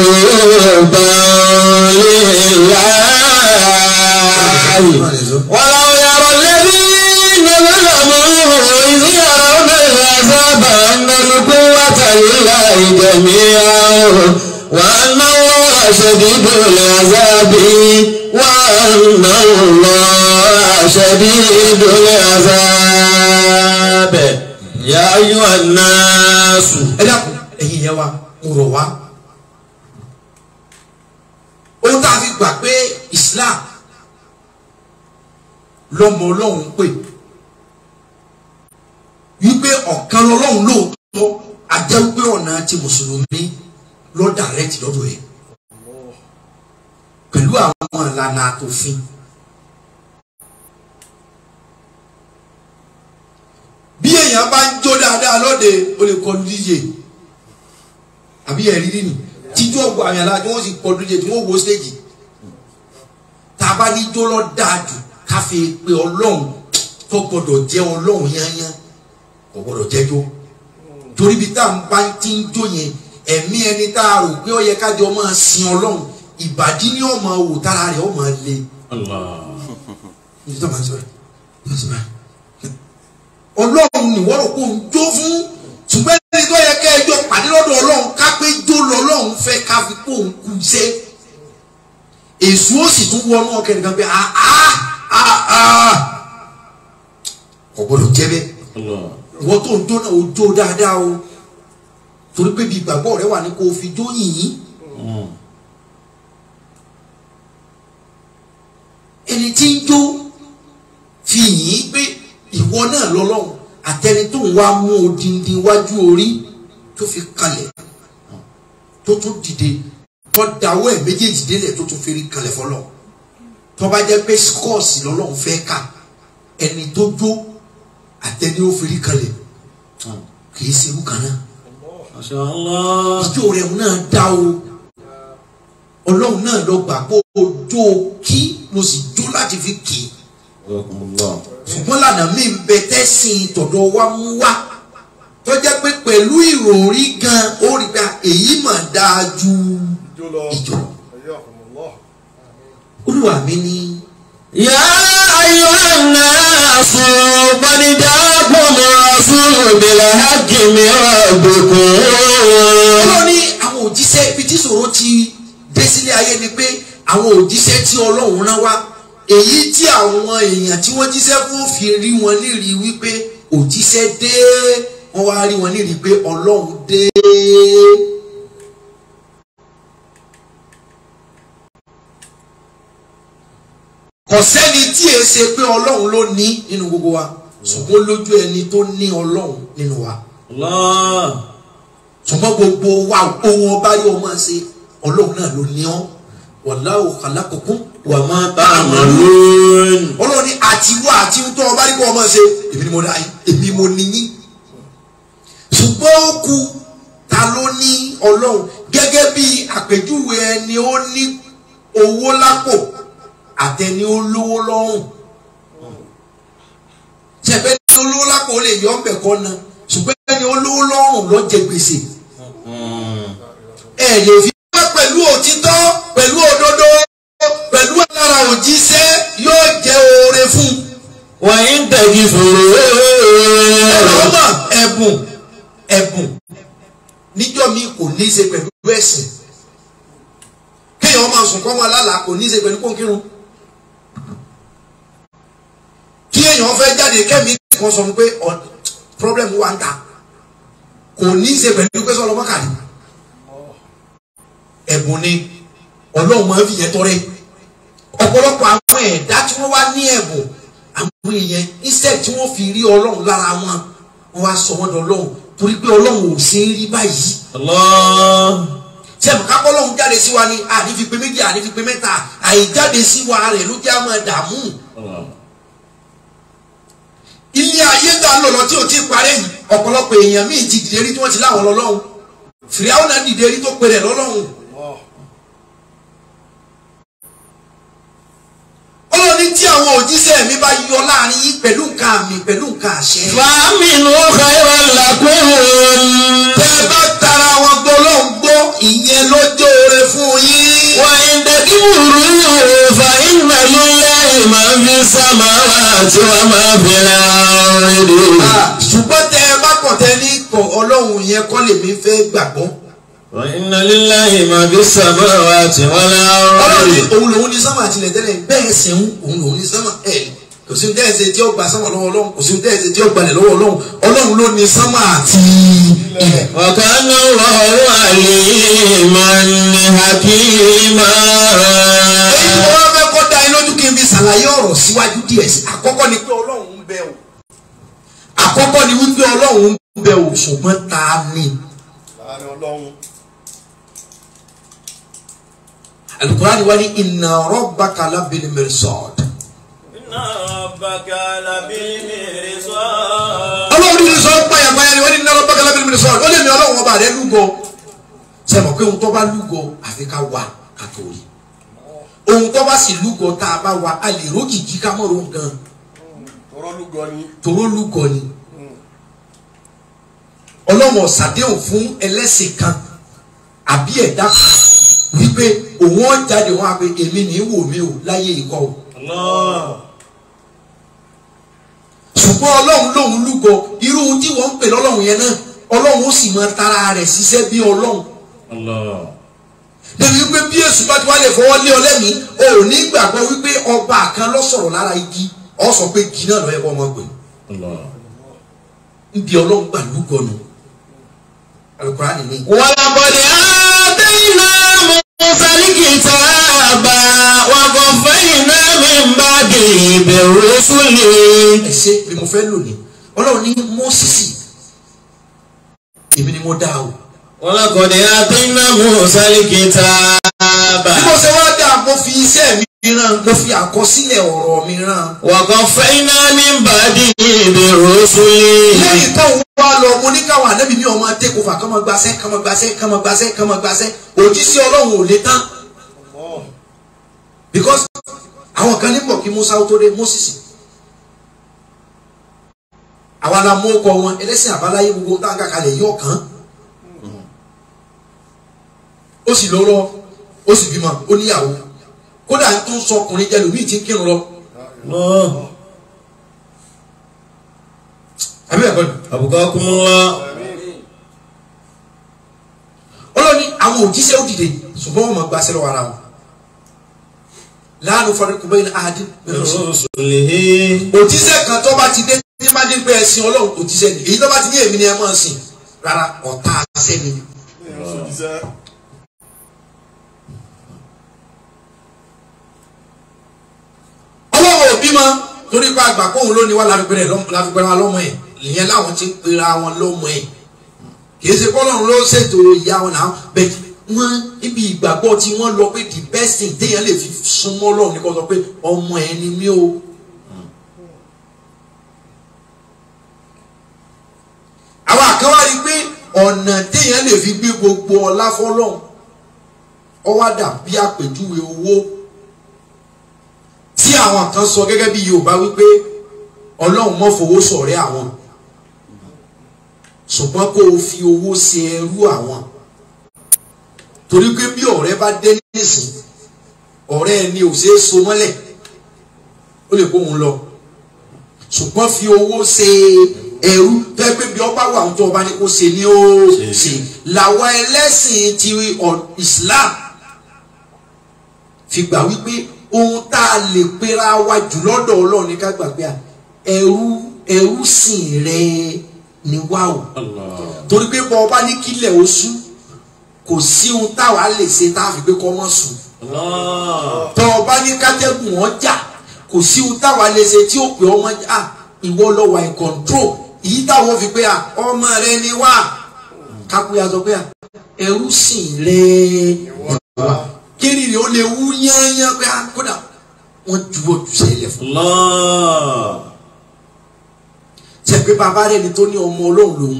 العذاب وأن الله شديد العذاب يا أيها الناس إلى هي وا lọ́mọ ọlọ́run pè wípé ọ̀kan lọ́lọ́run lóòótọ́ ajẹ́ wípé ọ̀nà ti mùsùlùmí ló direct lọ́dọ̀ ẹ̀ pẹ̀lú àwọn ìlànà àtòfin. bí èèyàn bá ń jó dáadáa lóde ó lè kọlu díje àbí ẹ̀rí nínú tíjú ọ̀gbọ̀n àmì aláàjọ wọn sì kọlu díje tí wọ́n wo stage tá a bá ní jó lọ dáa jù ká fi pe ọlọ́run tó gbọdọ̀ jẹ́ ọlọ́run yányán kò gbọdọ̀ jẹ́jọ́ torí bí tá à ń bá ti ń jó yẹn ẹ̀mí ẹni tá a rò pé ó yẹ ká jọ máa sin ọlọ́run ìbàdí ni ọmọ wò tára rẹ̀ ó le. ọlọ́run ni wọ́n rò pé òun jó fún ṣùgbọ́n ẹni tó yẹ ká ẹjọ́ pàdé lọ́dọ̀ ọlọ́run ká pé jó lọ́lọ́run fẹ́ ká fi pé òun kú iṣẹ́ èso ó sì tún wọnú ọkẹ́ nìkan pé àá kò gbọdọ̀ jẹ́ bẹ́ẹ̀ wọ́n tó ń jó náà ó jó dáadáa o torí pé bí ìgbàgbọ́ rẹ wà ní kó o fi jó yìnyín mm. ẹni tí ń jó fi yìnyín pé ìwọ náà lọ́lọ́run àtẹni tó ń wá mú odindi wájú orí tó fi kalẹ̀ tó tún dìde tó dáwọ́ ẹ̀ méjèèjì délẹ̀ tó tún fi kalẹ̀ fọlọ́run tó bá jẹ́ pé skọ́ọ̀sì lọ́lọ́run fẹ́ kà ẹni tó jó àtẹni ó feri kalẹ̀ kì í ṣe wúkan náà ìjó rẹ̀ náà dá o ọlọ́run náà lọ gbà pé o jó o kí mo sì jó láti fi kì í ṣùgbọ́n lànà mi ń bẹ tẹ́sìn tọ̀dọ̀ wa mú wá tó jẹ́ pé pẹ̀lú ìròrí gan-an ó rí i pé èyí mà dáa ju ìjọ olúwa mi ní. yá ayọ̀ náà sùn pàdéjà gbọ́mọ̀ sùn bẹ̀rẹ̀ hákìmí ọ̀gbẹ̀kùn. ọlọ́run ní àwọn òjíṣẹ́ ibi tí ìṣòro ti dé sílé ayé ni pé àwọn òjíṣẹ́ tí ọlọ́run rán wá èyí tí àwọn èèyàn tí wọ́n jíṣẹ́ fún fi rí wọn lérí wípé òjíṣẹ́ dé wọ́n wá rí wọn lérí pé ọlọ́run dé. kò sẹ́ni tí e ṣe pé ọlọ́run ló ní nínú gbogbo wa ṣùgbọ́n lójú ẹni tó ní ọlọ́run nínú wa. ṣùgbọ́n gbogbo wa ohun ọba yóò máa ṣe ọlọ́run náà ló ní ọ́ wallahu khalaqakum wa ma ta'malun. ọlọ́run ní àtiwọ́ àti tó ọba ní kó ṣe èmi ni mo ní èmi mo ní yín. ṣùgbọ́n ó kù ta ló ní ọlọ́run gẹ́gẹ́ bí àpèjúwe ẹni ó ní owó lápò àtẹni olówó lọ́rùn ṣẹ̀fẹ́ ni olówó lápò lè yọ ọ́ mẹ́kọ́ na ṣùgbọ́n ẹni olówó lọ́rùn ló jẹ gbèsè ẹ lè fi wá pẹ̀lú òtítọ́ pẹ̀lú òdodo pẹ̀lú alára òjíṣẹ́ yóò jẹ oore fún. wọ́n ń tẹ̀gí fòrò. ẹ̀rọ ọmọ ẹ̀bùn ẹ̀bùn níjọ́ mi kò ní í ṣe pẹ̀lú ẹ̀sìn kéèyàn máa sùn kọ́ máa lálàá kò ní í ṣe pẹ̀lú kóńkírun kí èèyàn fẹ́ jáde kẹ́mi kan sọ pé problem wà ń ta kò ní í ṣe pẹ̀lú pé sọ́lọ́mọ́ kàrí ẹ̀bùn ni ọlọ́run máa ń fi yẹn tọrẹ ọ̀pọ̀lọpọ̀ àwọn ẹ̀dá tí wọ́n wá ní ẹ̀bùn àwọn èèyàn iṣẹ́ tí wọ́n fi rí ọlọ́run lára wọn wọ́n wá sọ wọ́n dọ̀lọ́run torí pé ọlọ́run ò ṣe é rí báyìí. sẹ́mu kápọ́ ọlọ́run jáde sí wa ni àní fi pé méjì àní fi pé mẹ́ta àìjáde sí wa rẹ̀ ló jẹ́ àmọ́ dààmú ilé ayé tá ń lò lọ tí ò tí ì parẹ́ yìí ọ̀pọ̀lọpọ̀ èèyàn míì ti dìde rí tí wọ́n ti láwọn lọ́lọ́hún fìrìhàwò náà dìde rí tó pe rẹ̀ lọ́lọ́hún. ọlọ́ni tí àwọn òjíṣẹ́ mi bá yọ láàrin yín pẹ̀lú nǹkan àmì pẹ̀lú nǹkan àṣẹ. fàámi ló ka ìwà làkúrò. tẹ bá tara wọn gbọ́ lọ́n gbọ́ ìyẹn lọ́jọ́ rẹ fún yín wà ìdẹ́kùrú fa iná lílẹ̀ ìmọ̀ fi sámà àti wà máa fi ra ọ̀rẹ́ dè. ṣùgbọ́n tẹ ẹ bá kàn tẹ ní kọ ọlọ́run yẹn kọ́ lèmi fẹ́ gbàgbọ́. wà iná lílẹ̀ ìmọ̀ fi sámà àti wà láàárọ̀. ọlọ́run kò sí ní ẹsẹ̀ tí ó gba sánmà lọ́wọ́ ọlọ́run kò sí ní ẹsẹ̀ tí ó gbalẹ̀ lọ́wọ́ ọlọ́run ọlọ́run ló ní sánmà àti ilẹ̀. ọ̀kan ló ọ̀rọ̀ àlìmọ̀ ní hakima. èyí tí wọ́n fẹ́ kọ́ da iná ojú kí n fi ṣàlàyé ọ̀rọ̀ síwájú díẹ̀ sí àkọ́kọ́ ni pé ọlọ́run ń bẹ àkọ́kọ́ ni wípé ọlọ́run ń bẹ o ṣùgbọ́n ta ni. alukurani wali inna rabbaka labil mirsad ọlọ́run ní sọ payapaya ni wọ́n ní nínú bákàlà bíi mímísọ̀ ó lè ní ọlọ́run ọba rẹ lúgọ sẹ́mọ̀ pé ohun tó bá lúgọ àfi ká wà ká tó rí ohun tó bá sì lúgọ tá a bá wà a lè rókìkí ká mọ̀ ro gan. tòró lúgọ ni. tòró lúgọ ni ọlọ́run ọ̀sàdéhùn fún ẹlẹ́sìn kan àbí ẹ̀dá kan wípé òun ọ̀ jáde wọn àpè èmi ní wò mí o láyé ìkọ́ o. Allah ṣùgbọ́n ọlọ́run lòun lúgọ irú tí wọ́n ń pè lọ́lọ́run yẹn náà ọlọ́run ó sì máa tara rẹ̀ ṣiṣẹ́ bí ọlọ́run. débi wípé bí èṣù bá ti wá lè fọwọ́ lé ọ o ò ní gbàgbọ́ wípé ọba kan ló sọ̀rọ̀ lára igi ọ sọ pé igi náà ló yẹ kó ọmọ gbé. níbi ọlọ́run gbà lúgọ nù. al ni. wàlá bọ̀dẹ̀ á dé iná mọ̀ sálíkì tá a bá wà kọ́ f rusuli. ẹ ṣe bí mo fẹ́ lò ní ọlọ́run ní mọ́sísì èmi ni mo dá o. wọn lọkọdé àtẹnudá Mùsá ní kìtàbà. bí mo ṣe wá dà mo fi iṣẹ́ mi ran mo fi àkọsílẹ̀ ọ̀rọ̀ mi ran. wàkàn fẹ́yìnà mi ń bá dì í ìbè rusuli. lẹ́yìn tó ń wá lọ mo ní káwọn ànábì mi ọmọ tẹ́kọ̀ọ́fà kọ́mọ gbàṣẹ́ kọ́mọ gbàṣẹ́ kọ́mọ gbàṣẹ́ kọ́mọ gbàṣẹ́ òjíṣẹ́ ọlọ́run ò lè tán. because àwọn kan nípò kí Musa ó tó dé Moses àwa la mú ọkọ wọn ẹlẹ́sìn àbáláyé gbogbo tá a kà kalẹ̀ yọ kàn ó sì lọ lọ ó sì bímọ ó níyàwó kódà tó ń sọ ọkùnrin jẹ lómi tí ń kírun lọ. àbí ẹ̀kọ́ ni. àbùkà kún wa. ọlọ́ni àwọn òjíṣẹ́ ó dìde ṣùgbọ́n wọn máa gbaṣẹ́ lọ́wọ́ ara wọn láàánú fọdúnkù bẹ́ẹ̀ ni ahadi. òtísẹ́ kan tó bá ti dé ní má ẹ̀sìn ọlọ́run òtísẹ́ ni èyí tó bá ti ní èmi ni ẹ máa ń sìn rárá ọ̀tá sẹ́ni. ọlọ́run òbí mọ torí pé àgbà kóhun ló ní wá láfipẹ́rẹ́ láfipẹ́rẹ́ lọ́mọ ẹ̀ ìyẹn láwọn ti pera wọn lọ́mọ ẹ̀ kì í ṣe kọ́lọ́run ló ṣètò ìyá wọn náà bẹ́ẹ̀ wọ́n níbi ìgbàgbọ́ tí wọ́n lọ pé the best thing téèyàn lè fi súnmọ́ lọ́run ní kó sọ pé ọmọ ẹ̀ ni mí o. àwọn àkàwá rí i pé ọ̀nà téèyàn lè fi gbé gbogbo ọlá fọlọ́run ọwá dàbí àpèjúwe owó tí àwọn kan sọ gẹ́gẹ́ bí Yorùbá wípé ọlọ́run mọ́ fowó ṣọ̀rẹ́ àwọn ṣùgbọ́n kó o fi owó ṣe ẹrú àwọn torí pé bí ọ̀rẹ́ bá dé nísìn ọ̀rẹ́ ẹni ò ṣeé so mọ́lẹ̀ ó lè kó òun lọ ṣùgbọ́n fi owó ṣe ẹrú fẹ́ pé bí ọba wà tó ọba ni kò ṣe ni ó ṣe làwọn ẹlẹ́sìn ti Islam fi gbà wípé ohun tá a lè pera wa jù lọ́dọ̀ Ọlọ́run ní ká gbàgbé à ẹrú ẹrú sìn rẹ ni wá o torí pé bọ́ ọba ní kílẹ̀ oṣù kò sí ohun táwa lè ṣe tá a fi gbé kọ́ mọ́ sùn. tọ́ ọ bá ní kátẹ́gùn wọn jà kò sí ohun táwa lè ṣe tí ó pè ọmọ jà ìwọ lọ wà in control èyí táwọn fi pé ọmọ rẹ ni wá kápẹ́yà sọ pé ẹrú sìn rẹ ìwà kiri rẹ ó lè wú yányán pé kódà wọ́n juwọ́ jùṣẹ́ ilẹ̀ fún un. ṣe pé bàbá rẹ ni tó ní ọmọ ọlọ́run lòun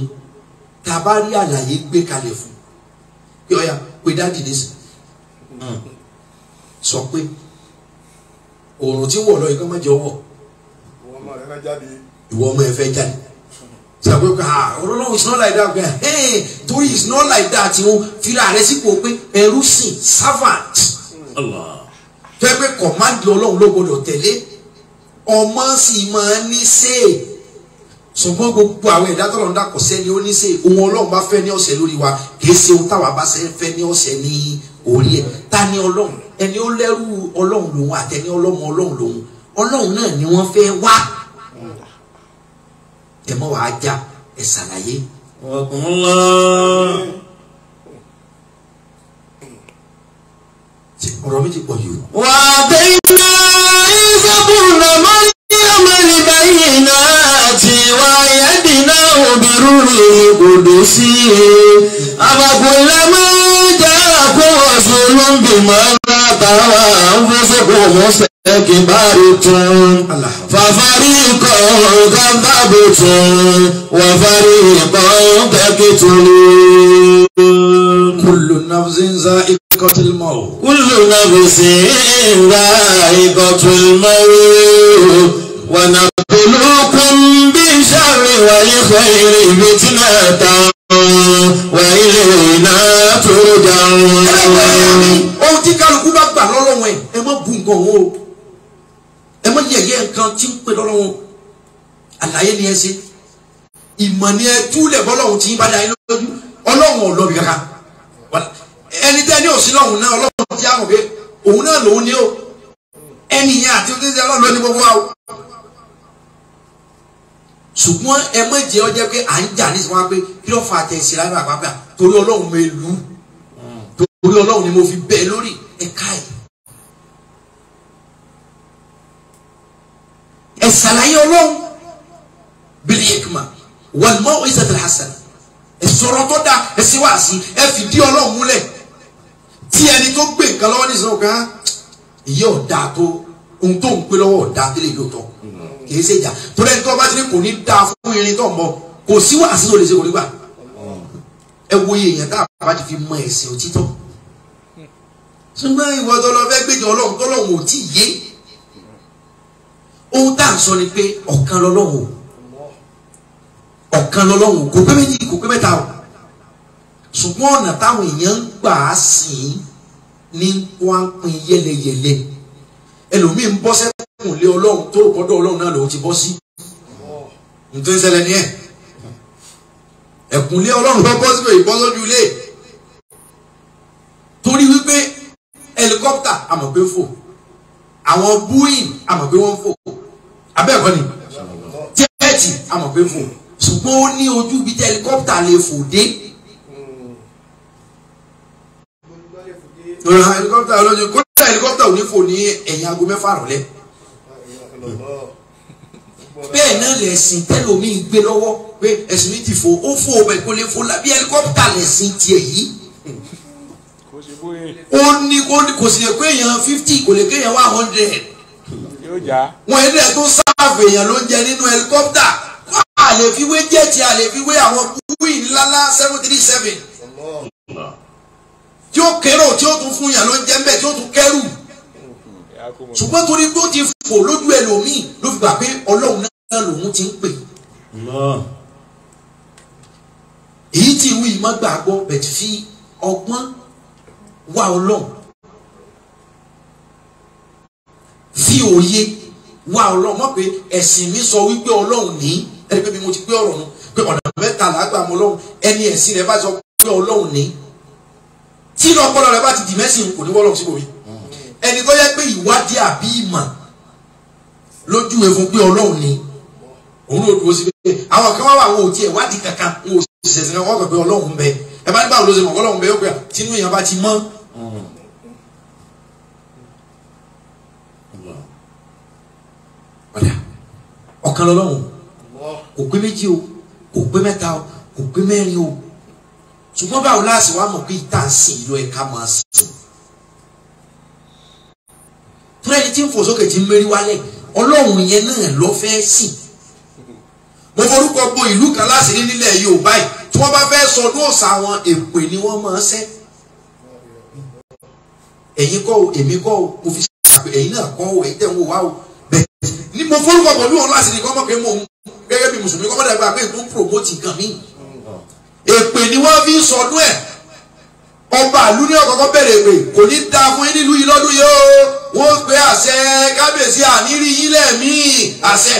tá a bá rí àlàyé gbé kalẹ̀ fún yọ̀ọ̀yà pé dáàdì ní sìn hmm. sọ pé òòrùn tí wọ̀ lọ yìí kọ́ má jẹ́ ọwọ́ ìwọ ọmọ ẹ fẹ́ jáde sàgbé pé ah, ọlọ́run is not like that pé hey torí is not like that o fira rẹ sípò pé ẹrú sìn servant fẹ́ pé command ọlọ́run ló gbọdọ̀ tẹ̀lé ọmọ sì máa ní sèé ṣùgbọ́n gbogbo àwọn ẹ̀dá tọ́lọ̀ ń dà kò sẹ́ni ó ní sè ohun ọlọ́run bá fẹ́ ní ọ̀sẹ̀ lórí wa kì í ṣe ohun táwa bá fẹ́ ní ọ̀sẹ̀ ní orí ẹ̀ ta ni ọlọ́run ẹni ó lẹ́rú ọlọ́run lòun àtẹni ọlọ́mọ ọlọ́run lòun ọlọ́run náà ni wọ́n fẹ́ wá ẹ mọ́ wàá já ẹ ṣàlàyé. ọ̀rọ̀ mi ti pọ̀ jù. wàá bẹ sí i. àbàkùn lẹ́mú jẹ́ àkóhọ̀sùn ló ń bímọ látara àǹfọ̀sọ̀kọ̀ mọ́sẹ̀ kìbárì tún. fàfárí ikọ̀ gábàbò tún wàfárí ikọ̀ kẹ́kẹ́ tún ní. kullu nafsin za'iqatul maut. kullu nafsin za'iqatul maut. الخير فتنة وإلينا ترجعون. ohun tí kálukú bá gbà lọ́lọ́wọ́ ẹ̀ ẹ má bu nǹkan o ẹ má yẹ̀yẹ́ nǹkan tí ń pè lọ́lọ́wọ́ àlàyé ni ẹ ṣe ìmọ̀ ni ẹ túlẹ̀ bọ́lọ́hún tí ń bá dá yín lójú ọlọ́run ò lọ́bi kankan ẹni tẹ́ ní òsín lọ́hùn náà ọlọ́run ti àrùn pé òun náà lòun ní o ẹni yẹn àti oníṣẹ́ ọlọ́run ló ní gbogbo wa o ṣùgbọ́n ẹ mọ̀ jẹ́ ọ jẹ́ pé à ń jà ní ìsìnkú wa pé kí ló fa àtẹ̀sí lábẹ́ àpapà torí ọlọ́run mi lù ú torí ọlọ́run ni mo fi bẹ́ẹ̀ lórí ẹ̀ka ẹ̀. ẹ ṣàlàyé ọlọ́run bil hikma wal mau'izati al hasana ẹ sọ̀rọ̀ tó dáa ẹ sì wá sí ẹ fìdí ọlọ́run múlẹ̀ tí ẹni tó gbé nǹkan lọ́wọ́ ní ìsìnkú kan ah, ìyẹ́ dáa tó ohun tó ń pè lọ́wọ́ ọ̀dà kílè lóòótọ́ kì í ṣe ìjà torí ẹni tó bá ti ní kò ní dáa fún irin tó mọ kò sí wàásù ló lè ṣe kò ní gbà ẹ wo iye èèyàn tá a bá ti fi mọ ẹ̀sìn òtítọ́ ṣùgbọ́n ìwọ tó lọ fẹ́ gbèjọ ọlọ́run tó lọ́run ò tí yé ohun tá à ń sọ ni pé ọ̀kan lọ́lọ́run ọ̀kan lọ́lọ́run kò pé méjì kò pé mẹ́ta o ṣùgbọ́n ọ̀nà táwọn èèyàn ń gbà á sìn ní wọ́n á pín yẹ́lẹyẹ̀lẹ ẹlòmíì ń bọ́ sẹ́kùn lé ọlọ́run tó rò pọ́dọ̀ ọlọ́run náà lòun ti bọ́ sí nítorí ṣẹlẹ̀ ni ẹ̀ ẹ̀kùn lé ọlọ́run bọ́ bọ́ síbẹ̀ ìbọ́ lójú ilé torí wípé hẹlikọ́pítà àmọ̀ pé fò àwọn búyìn àmọ̀ pé wọ́n fò abẹ́ẹ̀kọ́ ni jẹ́ẹ̀tì àmọ̀ pé fò ṣùgbọ́n ó ní ojú bíi hẹlikọ́pítà lè fò dé. ìrora helicopter olójú kódà helicopter ò ní fò ní ẹ̀yìn aago mẹ́fà rọ̀lẹ́ bẹ́ẹ̀ náà lẹ̀sìn tẹ́lómìn gbé lọ́wọ́ pé ẹ̀sìn mi ti fò ó fò ó bẹ̀ kó lè fò lábí ẹlikọ́pítà lẹ̀sìn tiẹ̀ yìí. ó ní kò sì lè kó èèyàn fifty kò lè kó èèyàn one hundred. wọ́n yẹn dẹ̀ tó sáàfù èèyàn ló ń jẹ nínú ẹlikọ́pítà a lè fi wé jẹ́ẹ̀tì a lè fi seven three seven tí ó kérò tí ó tún fún yàn ló ń jẹ́ mbẹ́ tí ó tún kẹ́rù ṣùgbọ́n torí tó ti fò lójú ẹlòmíì ló fi gbà pé ọlọ́run náà lòun ti ń pè. èyí tí ìwé yìí má gbàgbọ́ bẹ̀tì fi ọgbọ́n wá ọlọ́run fi òye wá ọlọ́run mọ̀ pé ẹ̀sìn mi sọ wípé ọlọ́run ní ẹni pé bí mo ti gbé ọ̀rọ̀ nu pé ọ̀nà mẹ́ta làá gbà mọ́ ọlọ́run ẹni ẹ̀sìn rẹ̀ bá sọ pé ọlọ́run ní tí inú ọpọlọ rẹ bá ti dì mẹ́sìn kò ní wọ́lọ́ síbòmí ẹni tó yẹ pé ìwádìí àbí ìmọ̀ lójú ẹ̀ pé ọlọ́run ni òun ló dúró síbi pé àwọn kan wá wà wọn ò tiẹ̀ wádìí kankan wọn ò sì ṣẹ̀ṣẹ̀ kan wọ́n kàn pé ọlọ́run bẹ ẹ bá nígbà wo ló ṣe mọ̀ ọlọ́run bẹ yóò pé tínú èèyàn bá ti mọ́. ọ̀dà ọ̀kan kò pé méjì o kò pé mẹ́ta o kò pé mẹ́rin o ṣùgbọ́n báwo láàṣì wá mọ̀ pé ìta ń sìn ìlú ẹ̀ka máa sìn. túrẹ́ni tí ń fò sókè tí ń mérí wálẹ̀ ọlọ́run yẹn náà ló fẹ́ sìn. mo forúkọ bo ìlú kan láṣìírí nílẹ̀ Yorùbá yìí tí wọ́n bá fẹ́ sọdún ọ̀sà wọn èpè ni wọ́n máa ṣẹ́. ẹ̀yin kọ́ o èmi kọ́ o mo fi ṣàpè ẹ̀yin náà kọ́ o ẹ̀yin tẹ̀ ń wò wá o bẹ́ẹ̀ ni mo forúkọ pẹ̀lú ọ̀run láṣìírí kọ́ mọ̀ pé mo gẹ́gẹ́ bí mùsùlùmí kọ́ mọ̀ dàgbà pé n tó ń promote nǹkan míì èpè ni wọ́n fi ń sọdún ẹ̀ ọba àlú ní ọ̀kọ̀ọ̀kọ̀ bẹ̀rẹ̀ èpè kò ní da fún yín nílùú yìí lọ́dún yìí o wọ́n gbé àṣẹ kábíyèsí àníírí yín lẹ́ẹ̀míì àṣẹ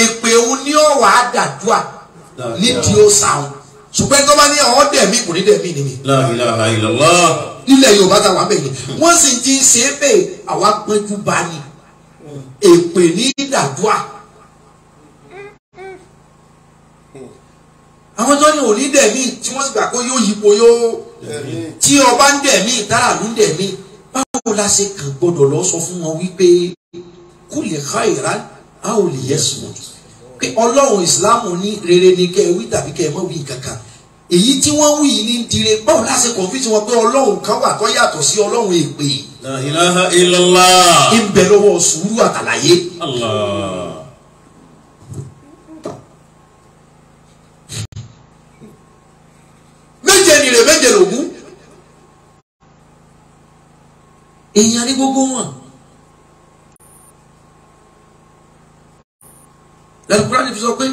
èpè òun ní ọ̀wà àdàdúà nídìí ó sàún ṣùgbọ́n tó bá ní ọ̀hún dẹ̀mí kò ní dẹ̀mí ni mi. La ilaha illallah. nílẹ̀ yorùbá táwa bẹ̀ yìí wọ́n sì ti ṣe é bẹ́ẹ̀ àwa péjú bá ní èpè ní ìdàdúà. àwọn tó ní òní dẹ̀mí tí wọ́n sì gbà pé yóò yípo yóò eh, tí ọba ń dẹ̀mí táràlú ń dẹ̀mí báwo la ṣe kàn gbọdọ̀ lọ sọ fún wọn wípé kú lè ká ìrá a ò lè yẹ sùn pé ọlọ́run ìsìláàmù ní rere ni kẹ́ ẹ wí tàbí kẹ́ ẹ má wí kankan èyí tí wọ́n wí yìí ní dire báwo la ṣe confuse wọn pé ọlọ́run kan wà tó yàtọ̀ sí ọlọ́run èpè. la lọ́wọ́ sùúrù àtàlàyé. Allah. èèyàn ní gbogbo wọn. lẹ́kùnrin àti fisọ pé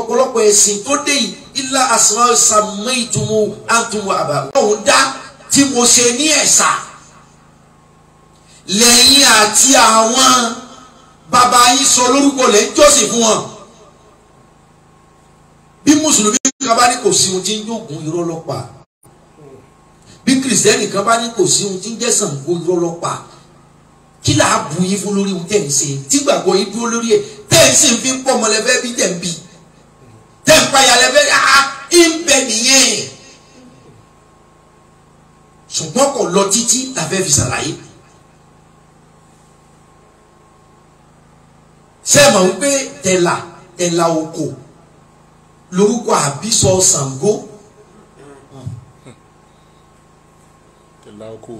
ọ̀pọ̀lọpọ̀ ẹ̀sìn tó dé yìí ilá àsìmọ́ ìsàmì ìtumọ̀ àtúmọ̀ àbá ọ̀hún dá tí mo ṣe ní ẹ̀sà lẹ́yìn àti àwọn bàbá yín sọ lórúkọ lẹ́ jọ́sìn fún wọn bí mùsùlùmí kan bá kò sí ohun tí ń yóò gún irọ́ lọ́pàá bí kìrìsìtẹ́nì kan bá ní kò sí ohun tí ń jẹ́ Ṣàngó irọ́ lọ́pàá kí là á bu yín fún lórí ohun tẹ̀ ń ṣe tí gbàgbọ́ yín dúró lórí ẹ̀ tẹ̀ ń sì fi ń pọ̀ mọ́lẹ́fẹ́ bí tẹ̀ ń bì tẹ̀ ń payà lẹ́fẹ́ á ah, ah, ń bẹ nìyẹn ṣùgbọ́n kò lọ títí tàfẹ́ fi ṣàlàyé. sẹ́ẹ̀mọ̀ wípé tẹ̀là tẹ̀là oko lórúkọ àbísọ̀ Ṣàngó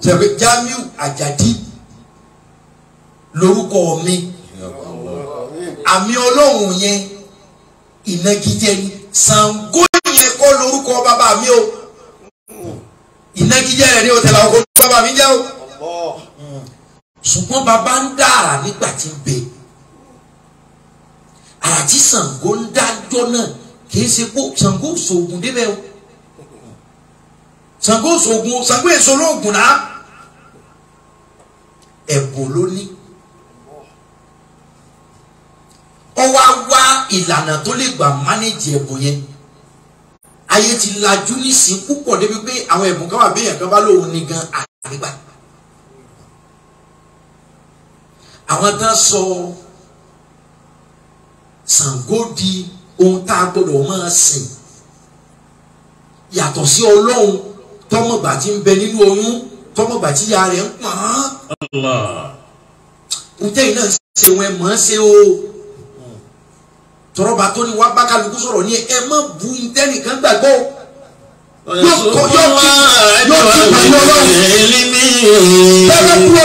sẹpẹ Jamiu Ajadi lórúkọ mi àmì Ọlọ́run yẹn ìnagijẹ ni Ṣàngó yẹn kọ́ lórúkọ bàbá mi o ìnagijẹ rẹ ni o tẹ̀lé ọkọ bàbá mi jẹ́ o ṣùgbọ́n bàbá ń dàrà nígbà tí ń bẹ àti Ṣàngó ń dájọ́ náà kì í ṣe pé Ṣàngó ṣoògùn débẹ̀ o. Ṣàngó ṣògùn Ṣàngó èso olóògùn náà ẹ̀bùn ló ní ó wá wá ìlànà tó lè gbà mánéjì ẹ̀bùn yẹn ayé ti lajú nísìn púpọ̀ débi pé àwọn ẹ̀bùn kan wà béèyàn kan bá lóun ní gan àgbà àwọn tán sọ Ṣàngó di ohun tá a gbọdọ̀ máa sìn yàtọ̀ sí Ọlọ́run tọmọgbà tí ń bẹ nínú oyún tọmọgbà tí ya rẹ̀ ń pọ̀n ǹjẹ́ iná ṣe wọn ẹ̀ mọ̀ ọ́n ṣe o tọrọba tó ní wá bá kálukú sọ̀rọ̀ ní ẹ mọ̀ bu ntẹ́nìkan gbàgbọ́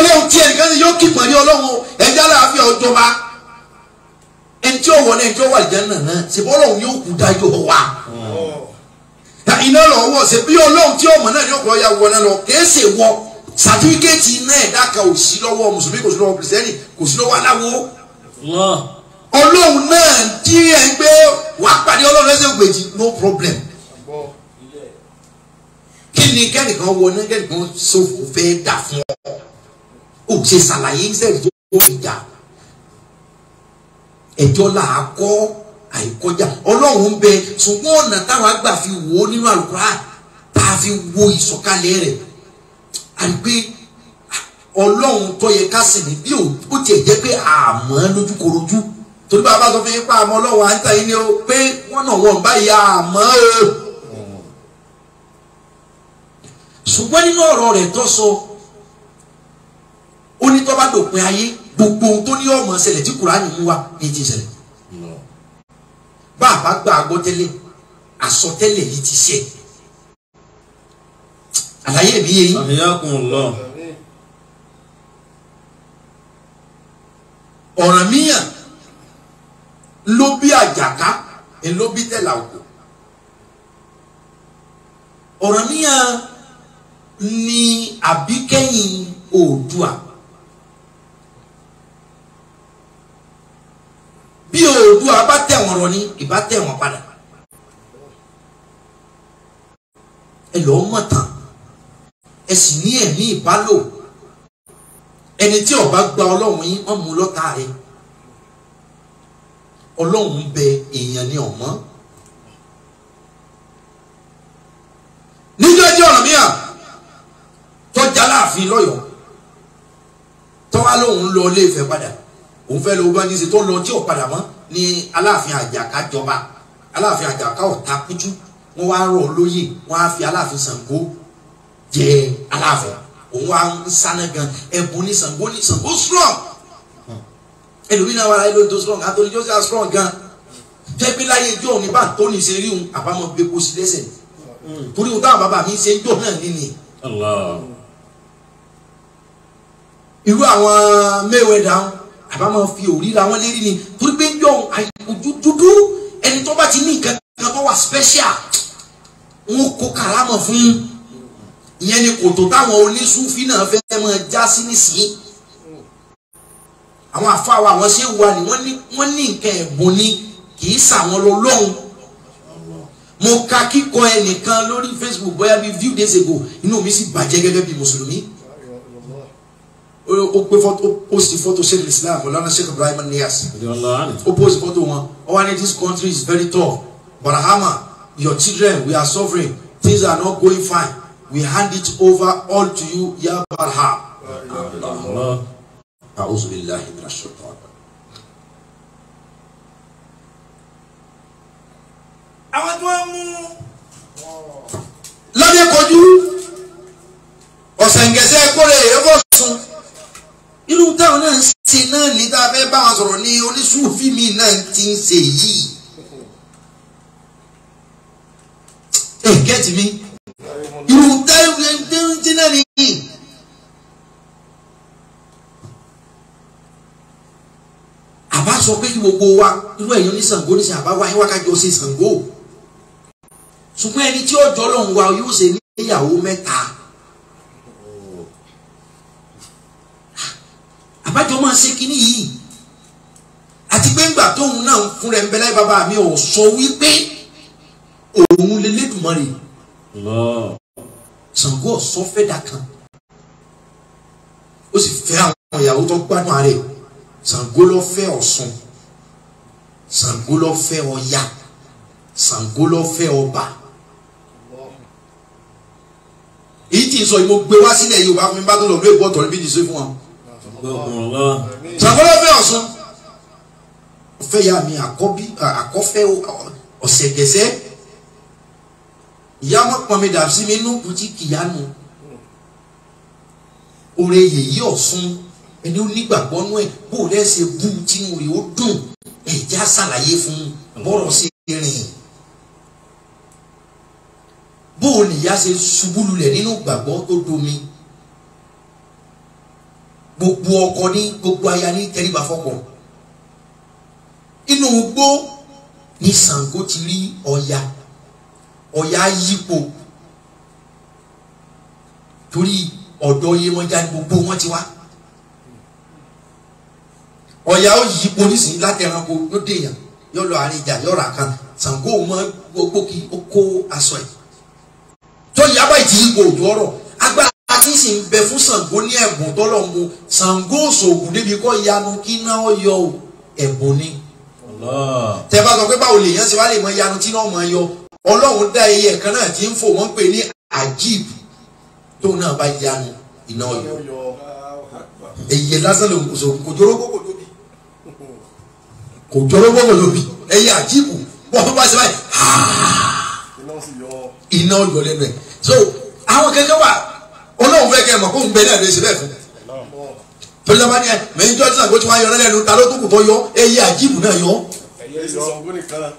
yóò kí yóò kí pẹ̀lú ọlọ́run ẹ̀jẹ̀ aláàfin ọjọba ẹnití ọwọ́ náà ẹnití ọwọ́ àlìjáná náà ṣèbọ́ ọlọ́run yóò kú dájọ́ wa iná lọ wọ̀ ṣe bí ọlọ́run tí ọmọ náà ní ọ̀pọ̀ ya wọ náà lọ kéésè wọ sàtífíkẹ́ẹ̀tì iná ẹ̀dá kan ò sí lọ́wọ́ mùsùlùmí kò sí lọ́wọ́ kìrìsìtẹ́nì kò sí lọ́wọ́ aláwo. ọlọ́run náà tí ẹ̀ ń gbé wá pàdé ọlọ́run ẹ̀sẹ̀ gbèjì no problem. kí ni kẹ́nìkan wọ náà kẹ́nìkan sófò fẹ́ dà fún ọ ò ṣe ṣàlàyé sẹ́ẹ̀dì tó ìjà ẹjọ́ là àìkọjá ọlọ́run ń bẹ ṣùgbọ́n ọ̀nà táwa gbà fi wò ó nínú àlùkùrá tá a fi wo ìsọ̀kalẹ̀ rẹ̀ àgbẹ̀ ah, ọlọ́run tó yẹ ká sìn ní bí ó tiẹ̀ jẹ́ pé àmọ́ lójúkorojú torí bá a bá sọ fún yín pa àmọ́ ọlọ́run à ń tà yín ni o pé wọ́n náà wọ́n báyìí àmọ́ o. ṣùgbọ́n nínú ọ̀rọ̀ rẹ̀ tó sọ ó ní tó bá dòpin ayé gbogbo ohun tó ní ọmọ ṣẹlẹ̀ tí kùránì mú wa ní ti ṣẹlẹ̀ bá a bá gbà á gbọ́ tẹ́lẹ̀ àsọtẹ́lẹ̀ yìí ti ṣe àlàyé mi yé yín. Ahyakumullah. Ọ̀rànmíyàn ló bí àjàká ló bí tẹ̀là òkú Ọ̀rànmíyàn ni àbíkẹ́yìn Oòduà. tẹ̀ wọ́n lọ ní ìbá tẹ̀ wọ́n padà ẹ lọ́ọ́ mọ̀ tán ẹ sì ní ẹ̀mí ìbálò ẹni tí ọba gba ọlọ́run yín wọ́n mú lọ́tà rẹ̀ ọlọ́run bẹ èèyàn ní ọ̀mọ́. níjọ́ jẹ́ ọ̀nà mìíràn tọ́jà láàfin lọ́yọ̀ọ́ tọ́wá lòun lọ ilé Ifẹ̀ padà òun fẹ́ lọ́ọ́ bá ní í ṣe tó lọ tí ò padà mọ́ ni aláàfin àjàká jọba aláàfin àjàká ọ̀tá kújú wọ́n wá rọ̀ lóyè wọ́n á fi aláàfin ṣàngó jẹ aláàfin òun wá ń sáná gan ẹ̀bùn ní ṣàngó ní ṣàngó strong ẹlòmínà wàrà ẹlò tó strong àtòlí jọ́sí à strong gan jẹ́bí láyé ijó òní bá tó ní ṣe rí òun àbámọ̀ gbé kó sí lẹ́sẹ̀ torí òun táwọn bàbá mi ṣe ń náà nínú irú àwọn Mayweather àbá máa fi òrìra wọn lérí ni torí pé yọ ojú dúdú ẹni tó bá ti ní nǹkan kan tó wà special wọn kó kàrámọ̀ fún ìyẹn ni kòtò táwọn onísúfì náà fẹ́ máa já sí nísìnyí àwọn àfáwà àwọn ṣé wà ní wọ́n ní nǹkan ẹ̀bùn ni kì í sàwọn lọ lọ́hùn mo ka kíkọ ẹnìkan lórí Facebook bóyá bíi few days ago inú mi sì bàjẹ́ gẹ́gẹ́ bíi mùsùlùmí ó pé fọ́tò ó sì fọ́tò ṣe ní Islam ọlọ́nà Sheikh Ibrahim Niass ó pòsì fọ́tò wọn ó wá ní this country is very tough But barahama your children we are suffering things are not going fine we hand it over all to you ya barahama. A'udhu billahi minash shaitan. àwọn tí wọ́n mú lọ́dẹ kojú ọ̀sẹ̀ ń gẹ̀ẹ́sẹ̀ kórè ẹ̀fọ́ sùn irú táwọn náà ń ṣe náà ní tá a fẹ́ bá wọn sọ̀rọ̀ ní oníṣùfì mi náà ti ń ṣe yìí. ẹ gẹ́tì mi irú táwọn ti náà ní yìí. àbá sọ pé kí gbogbo wa irú ẹ̀yàn ní Ṣàngó ní sàn àbá wa ẹ̀wá kájọ ṣe Ṣàngó ṣùgbọ́n ẹni tí ó jọ́ lọ́hùn wa yóò ṣe níyàwó mẹ́ta. àbájọ máa ṣe kínní yìí àti pé ńgbà tóun náà fún rẹ̀ ń bẹ láyé bàbá mi ò sọ wípé òun lè lẹ́dùnmọ́rì Ṣàngó ọ̀sán fẹ́ dà kan ó sì fẹ́ àwọn ìyàwó tó gbádùn ààrẹ Ṣàngó ló fẹ́ Ọ̀ṣun Ṣàngó ló fẹ́ Ọya Ṣàngó ló fẹ́ ọba èyí tí ń sọ yìí mo gbé wá sílẹ̀ Yorùbá fún mi bá tó lọ lóye bọ́ọ̀tọ̀ níbi ìdìsó fún wọn sàkóló bí ọ̀sán ọ̀fẹ́ ya mi àkọ́bí àkọ́fẹ́ ọ̀sẹ̀gẹ̀sẹ̀ ìyá wọn pọnmi dà sí mi nú kùtì kìyánu oore yèyí ọ̀sùn ẹni ó nígbàgbọ́ nú ẹ̀ bó lẹ́sẹ̀ bú tínú rẹ̀ ó dùn ẹ̀já ṣàlàyé fún bọ́rọ̀ sí rìn bó o nìyá ṣe ṣubú lulẹ̀ nínú gbàgbọ́ tó domi gbogbo ọkọ ní gbogbo aya ní tẹríba fọ́kọ inú gbó ni Ṣàngó ti rí Ọya Ọya yípo torí ọ̀dọ̀ Yemọja ni gbogbo wọn ti wá Ọya ó yípo nísìnyí láti ẹranko ló dèèyàn yóò lọ àárín ìjà yóò rà kan Ṣàngó mọ gbogbo kí ó kó aṣọ ẹ̀ tó yaba ìtì yípo òjò ọ̀rọ̀ agbára tí sì ń bẹ fún Ṣàngó ní ẹ̀bùn tọ́lọ̀ ń bo Ṣàngó òṣògùn kọ́ yanu kí náà yọ ẹ̀bùn ni. tẹ sọ pé báwo lèèyàn ṣe wá lè yanu tí náà mọ yọ Ọlọ́run dá iye ẹ̀kan náà tí ń fò wọ́n pè ní ajib tó náà bá yanu iná yọ. èyí lásán ló ń kóso kò jọrọ gbogbo lóbi kò jọrọ gbogbo lóbi ẹyẹ ajib bọ́ bá ṣe báyìí iná yọ lẹ́nu ẹ̀ so àwọn kẹ̀kẹ́ wà olóhùn fẹ́ kẹ́ ẹ̀ mọ̀ kó ń bẹ náà lè ṣe bẹ́ẹ̀ fún torí sábà ní ẹ mẹ́yìn jọ́sìn àgbo tí wọ́n yọ lẹ́nu ta ló kúkú tó yọ ẹ yé àjíìbù náà yọ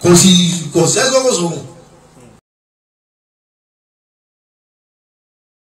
kò sì kò sẹ́sọ́ kò sóhun.